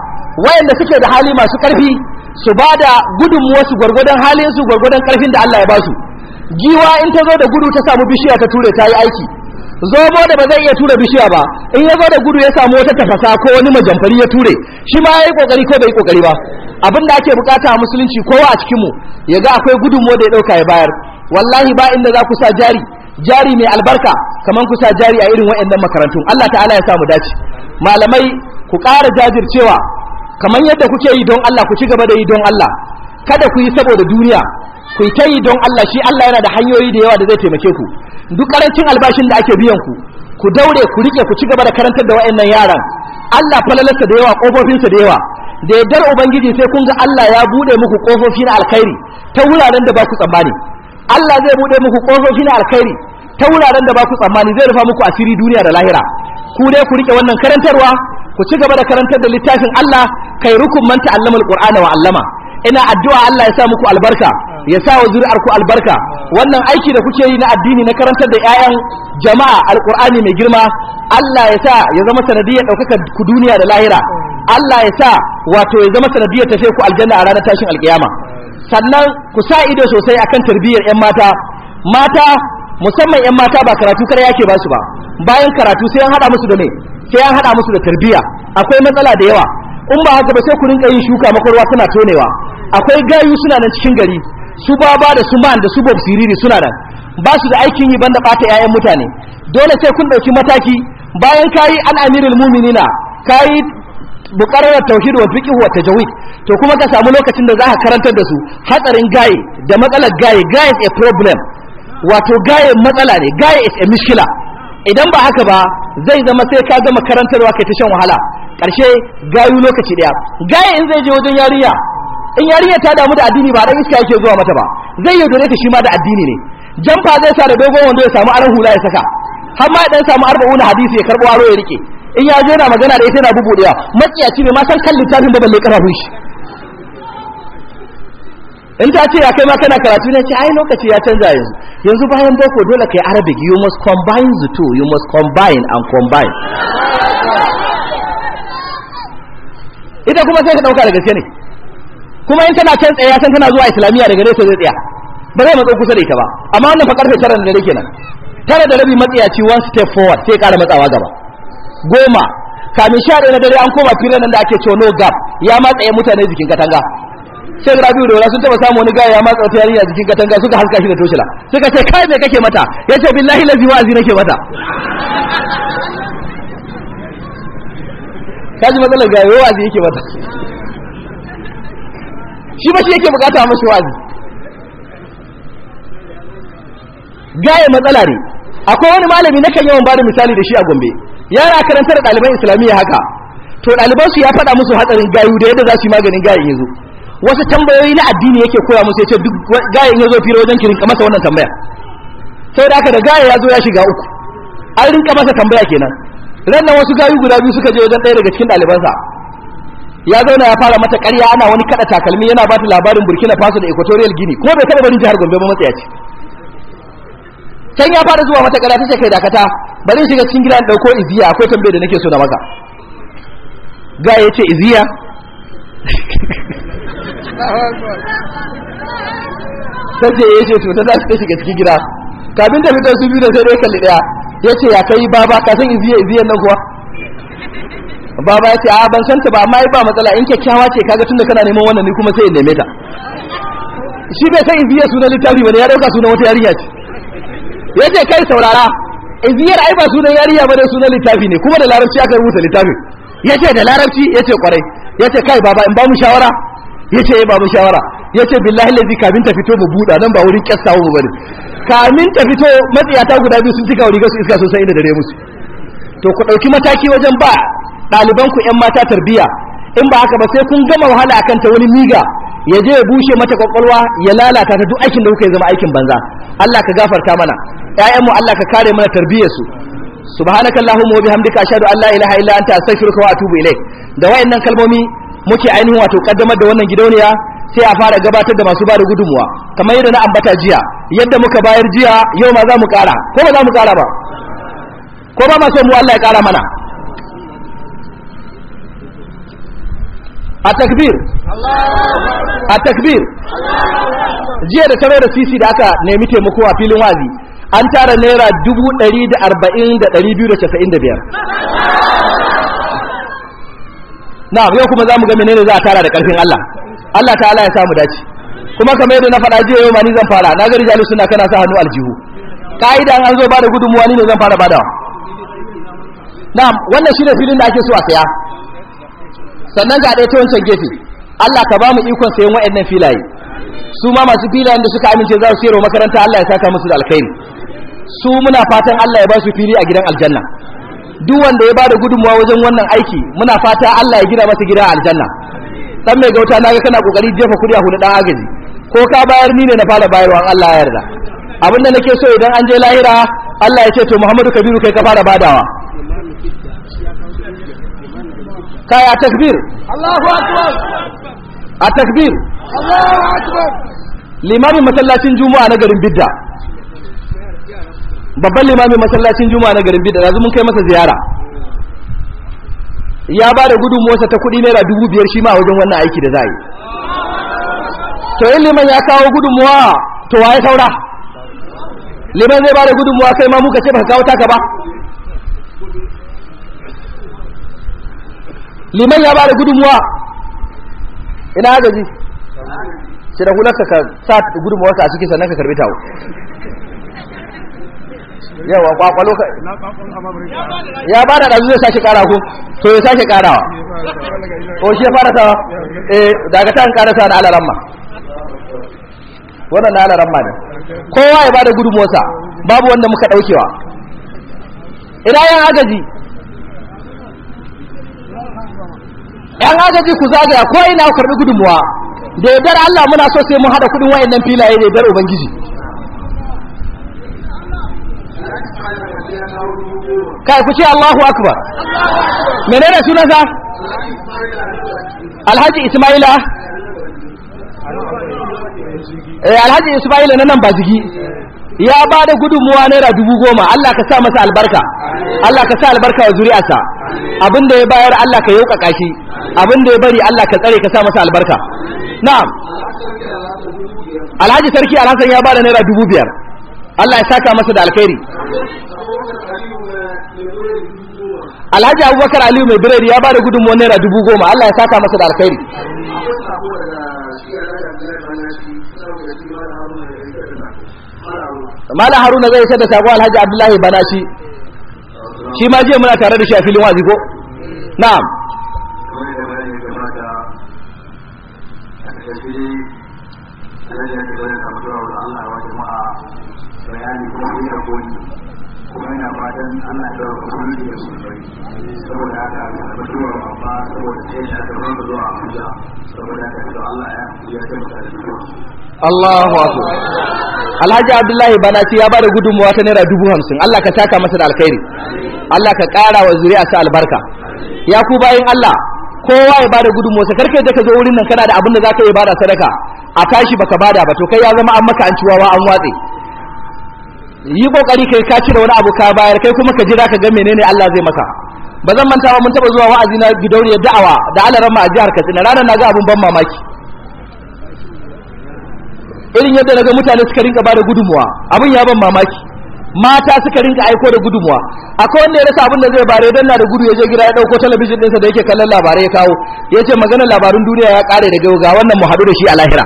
wayanda suke da hali masu karfi su bada gudunmuwa su gwargwadon halin su gwargwadon karfin da Allah ya ba su giwa in ta zo da gudu ta samu bishiya ta ture ta yi aiki zobo da ba zai iya tura bishiya ba in ya zo da gudu ya samu wata tafasa ko wani majamfari ya ture shi ma yayi kokari ko bai kokari ba abin da ake bukata a musulunci kowa a cikin mu ya ga akwai mu da ya dauka ya bayar wallahi ba inda za ku sa jari jari mai albarka kaman ku sa jari a irin waɗannan makarantun Allah ta'ala ya sa mu dace malamai ku ƙara jajircewa kaman yadda kuke yi don Allah ku ci gaba da yi don Allah kada ku yi saboda duniya ku ta yi don Allah shi Allah yana da hanyoyi da yawa da zai taimake ku duk karancin albashin da ake biyan ku ku daure ku rike ku ci gaba da karantar da wayannan yaran Allah falalarsa da yawa kofofinsa da yawa da yaddar ubangiji sai kun ga Allah ya bude muku kofofi na alkhairi ta wuraren da ba ku tsammani Allah zai bude muku kofofi na alkhairi ta wuraren da ba ku tsammani zai rufa muku asiri duniya da lahira ku dai ku rike wannan karantarwa ku ci gaba da karantar da littafin Allah kai rukun manta allama alqur'ana wa allama ina addu'a Allah ya sa muku albarka ya sa wa zuri'arku albarka wannan aiki da kuke yi na addini na karantar da 'ya'yan jama'a alkur'ani mai girma Allah ya sa ya zama sanadiyar ɗaukakar ku duniya da lahira Allah ya sa wato ya zama sanadiyar tafe ku aljanna a ranar tashin alkiyama sannan ku sa ido sosai akan tarbiyyar 'yan mata mata musamman 'yan mata ba karatu kar yake ba su ba bayan karatu sai an haɗa musu da me sai an haɗa musu da tarbiyya akwai matsala da yawa in ba haka ba sai ku rinka yin shuka makwarwa suna tonewa akwai gayu suna nan cikin gari su baba da su man da su bob siriri suna nan ba su da aikin yi banda bata yayan mutane dole sai kun dauki mataki bayan kayi an amirul mu'minina kayi bukarar tauhid wa fiqh wa tajwid to kuma ka samu lokacin da za ka karantar da su hatsarin gaye da matsalar gaye gaye is a problem wato gaye matsala ne gaye is a mishkila idan ba haka ba zai zama sai ka gama karantarwa kai ta shan wahala karshe gayu lokaci daya gaya in zai je wajen yarinya in yarinya ta damu da addini ba dan iska yake zuwa mata ba zai yi yaudare ta shi ma da addini ne jamfa zai sa da dogon wando ya samu aran hula ya saka har ma dan samu arba'una hadisi ya karbo aro ya rike in ya zo na magana da ita yana bubudewa matsiyaci ne ma san kan littafin da balle karafin shi in ta ce ya kai ma kana karatu ne ce ai lokaci ya canza yanzu yanzu bayan boko dole kai arabic you must combine the two you must combine and combine ita kuma sai ka dauka da gaske ne kuma in tana can tsaya san tana zuwa islamiyya daga nesa zai tsaya ba zai matso kusa da ita ba amma wannan fa karfe tara da dare nan. tara da rabi matsiyaci one step forward sai ƙara matsawa gaba goma kamin sha ɗaya na dare an koma filin nan da ake cewa no gap ya matsaye mutane jikin katanga sai rabiu daura sun taba samu wani gaya ya matsa wata yarinya jikin katanga suka haska shi da toshila suka ce kai me kake mata yace billahi lazi wa'azi nake mata kaji matsalar ga yawa zai yake mata shi ba shi yake bukata mashi wazi gaya matsala ne akwai wani malami na kan yawan bada misali da shi a gombe yara karantar ɗaliban islamiyya haka to ɗaliban su ya faɗa musu hatsarin gayu da yadda za su yi maganin gayin yazo wasu tambayoyi na addini yake koya musu ya ce duk gayin yazo fira wajen ki rinka masa wannan tambaya sai da haka da gaya ya zo ya shiga uku an rinka masa tambaya kenan ranar wasu gayu guda biyu suka je wajen ɗaya daga cikin ɗalibansa ya zauna ya fara mata ƙarya ana wani kada takalmi yana ba ta labarin burkina faso da equatorial gini ko bai taɓa barin jihar gombe ba matsayaci can ya fara zuwa mata ƙarya ta ce kai dakata bari shiga cikin gida ɗauko iziya akwai tambaye da nake so na maka ga ya ce iziya sai ce ya eh, ce to ta za su ta shiga cikin gida kafin ta fitar su biyu da sai dai kalli ɗaya ya ce ya kai baba ka san iziya iziya nan kuwa baba ya ce a ban san ta ba amma ba matsala in kyakkyawa ce kaga tunda kana neman wannan ni kuma sai in neme ta shi bai san iziya sunan littafi bane ya dauka sunan wata yarinya ce ya ce kai saurara iziyar ai ba sunan yarinya bane sunan littafi ne kuma da larabci aka rubuta littafi. ya ce da larabci ya ce kwarai ya ce kai baba in ba mu shawara ya ce ya eh, ba mu shawara ya ce billahi lazi kafin ta fito mu buɗa nan ba wurin kyasta mu bane kamin ta fito matsiyata guda biyu sun cika wa gasu iska sosai inda dare musu to ku ɗauki mataki wajen ba ɗaliban ku 'yan mata tarbiyya in ba haka ba sai kun gama wahala akan ta wani miga ya je ya bushe mata kwakwalwa ya lalata ta duk aikin da kuka yi zama aikin banza Allah ka gafarta mana ƴaƴanmu Allah ka kare mana tarbiyyar su subhanaka allahumma wa bihamdika ashhadu an la ilaha illa anta astaghfiruka wa atubu ilaik da wayannan kalmomi muke ainihin wato kaddamar da wannan gidauniya sai a fara gabatar da masu ba da gudunmuwa kamar yadda na ambata jiya yadda muka bayar jiya yau ma za mu kara ko ba za mu kara ba ko ba ma mu Allah ya kara mana a takbir a takbir jiya da sanar da sisi da aka nemi taimako a filin wazi an tara naira dubu da arba'in da biyu da casa'in da biyar na yau kuma za mu ga menene za a tara da ƙarfin Allah Allah ta'ala ya samu dace kuma kamar yadda na faɗa jiya yau ma ni zan fara na ga rijalu suna kana sa hannu aljihu ka'ida an zo ba da gudunmuwa ni ne zan fara badawa na'am wannan shine filin da ake so a saya sannan ga ɗaya ta wancan gefe Allah ka ba mu ikon sayan wa'annan filaye su ma masu filayen da suka amince za su sayarwa makaranta Allah ya saka musu da alkhairi su muna fatan Allah ya ba su fili a gidan aljanna duk wanda ya ba da gudunmuwa wajen wannan aiki muna fata Allah ya gina masa gida aljanna dan mai gauta naga kana kokari jefa kudi a hudu dan agaji ko ka bayar ni ne na fara bayarwa Allah ya yarda abinda nake so idan an je lahira Allah ya ce to Muhammadu Kabiru kai ka fara badawa kaya takbir Allahu akbar a takbir Allahu akbar limamin masallacin juma'a na garin bidda babban limamin masallacin juma'a na garin bidda yanzu mun kai masa ziyara ya ba da gudunmuwarsa ta kuɗi naira dubu biyar shi ma wajen wannan aiki da za yi to yin liman ya kawo gudunmuwa to waye saura liman zai ba da gudunmuwa kai ma muka ce ka kawo taka ba liman ya ba da gudunmuwa ina gaji shi da hularsa ka sa gudunmuwarsa a ciki sannan ka karbi tawo yawa kwakwalo ka ya ba da ɗazu zai sashi ƙara ku to ya ƙara ƙarawa o shi ya fara ta eh daga ta ƙara ta alaran ma wannan na ma ne kowa ya ba da gudunmuwarsa babu wanda muka ɗaukewa ina yan agaji yan agaji ku zagaya ko ina karɓi gudunmuwa da yardar Allah muna so sai mun haɗa kuɗin wayannan filaye da yardar Ubangiji kai ku ce Allahu akbar menene sunansa Alhaji Ismaila eh Alhaji Ismaila na nan bazigi ya ba da gudunmuwa naira dubu goma Allah ka sa masa albarka Allah ka sa albarka wa zuri'arsa abin da ya bayar Allah ka yaukaka shi abin da ya bari Allah ka tsare ka sa masa albarka na'am Alhaji Sarki Alhassan ya ba da naira dubu biyar Allah ya saka masa da alkhairi alhaji abubakar aliyu mai biredi ya ba da gudunmuwar naira dubu goma allah ya saka masa da alkhairi malam haruna zai isar da sabo alhaji abdullahi banashi shi ma jiya muna tare da shi a filin wazi ko na'am bayani kuma ina goyi kuma ina fatan Allah ya kawo kuma ne saboda haka mutuwar babba saboda sai da aka rama zuwa Abuja saboda haka to Allah ya ya tabbata da shi Allahu akbar Alhaji Abdullahi Banati ya bada gudunmuwa ta naira dubu hamsin Allah ka saka masa da alkhairi Allah ka ƙara wa sa albarka ya ku bayin Allah kowa ya bada gudunmuwarsa karka da ka zo wurin nan kana da abin da za ka yi bada sadaka a tashi baka bada ba to kai ya zama an maka an ciwawa an watse yi kokari kai ka cire wani abu ka bayar kai kuma ka jira ka ga menene Allah zai maka ba zan manta ba mun taba zuwa wa'azi na gidauniyar da'awa da alaran ma a jihar katsina ranar na ga abin ban mamaki irin yadda naga mutane suka rinka ba da gudunmuwa abin ya ban mamaki mata suka rinka aiko da gudunmuwa akwai wanda ya rasa abin da zai bare dan na da gudu ya je gida ya dauko talabijin ɗinsa da yake kallon labarai ya kawo ya ce maganar labarun duniya ya kare daga ga wannan mu haɗu da shi a lahira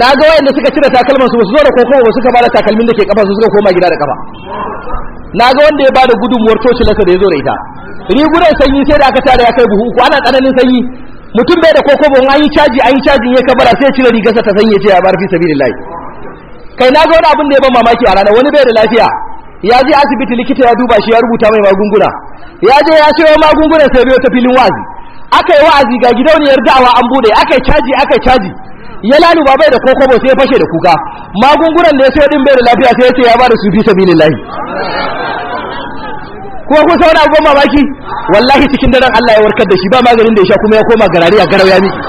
na ga wayanda suka cire takalman su ba su zo da kokowa ba suka bada takalmin da ke kafa su suka koma gida da kafa na ga wanda ya ba bada gudunmuwar coci lasa da ya zo da ita rigunan sanyi sai da aka tare ya kai buhu uku ana tsananin sanyi mutum bai da kokobo an yi caji an yi caji ya kabara sai ya cire sa ta sanye ce ya bar fi lai kai na ga wani abin da ya ban mamaki a rana wani bai da lafiya ya je asibiti likita ya duba shi ya rubuta mai magunguna ya je ya sayo magungunan sai biyo ta filin wazi aka yi wa'azi ga gidauniyar da'awa an bude aka yi caji aka yi caji ya lalu ba bai da kokobo sai ya fashe da kuka magungunan da ya sayo din bai da lafiya sai ya ce ya ba da su fi lai kuma kun sauna abubuwan mamaki wallahi cikin daren Allah ya warkar da shi ba maganin da ya sha kuma ya koma garari a garau ya miki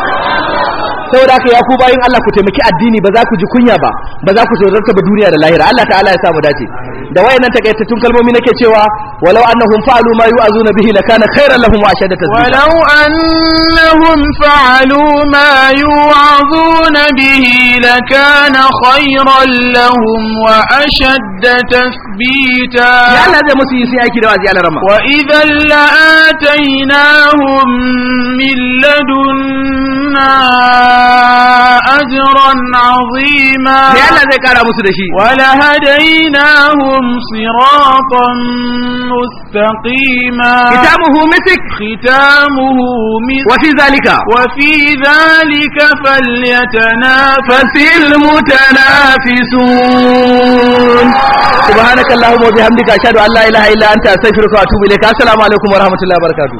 saboda haka ya ku bayin Allah ku taimaki addini ba za ku ji kunya ba ba za ku tsorata ba duniya da lahira Allah ta'ala ya samu dace da wayannan takaitattun kalmomi nake cewa walau annahum fa'alu ma yu'azuna bihi lakana khairan lahum wa ashadda tazkira walau annahum fa'alu ma yu'azuna bihi lakana khairan lahum wa ashadda tasbita ya Allah zai musu yi sai aiki da wazi Allah rama wa idan la'atainahum min ladunna أجرا عظيما ولهديناهم صراطا مستقيما ختامه مسك ختامه مسك وفي ذلك وفي ذلك فليتنافس المتنافسون سبحانك اللهم وبحمدك أشهد أن لا إله إلا أنت أستغفرك وأتوب إليك السلام عليكم ورحمة الله وبركاته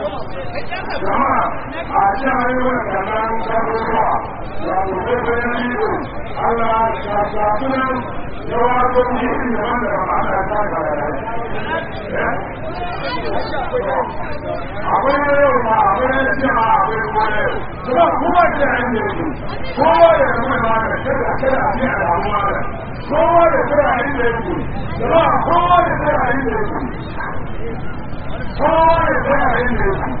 jama'a a shan ayyukan da nan garuruwa da abubuwan yanzu allah ta shafi nan yawa ko ne yi da wanda ba ma'ana ta gara akwai yau ma akwai yau jama akwai kuma yau kuma kuma ke an yi su kowa ya kuma ma da kada kada a ne a damuwa da kowa da kada a yi da yau jama kowa da kada a yi da yau kowa da kada a yi da yau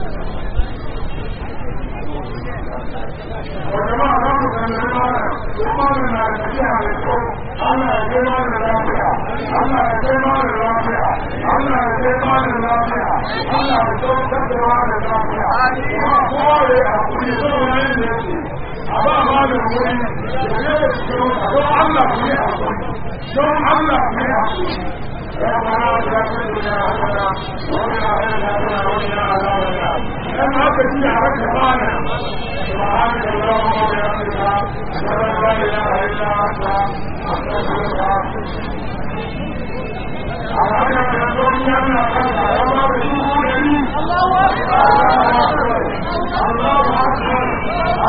da Don't have enough money. Don't have enough money. ہر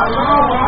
اللہ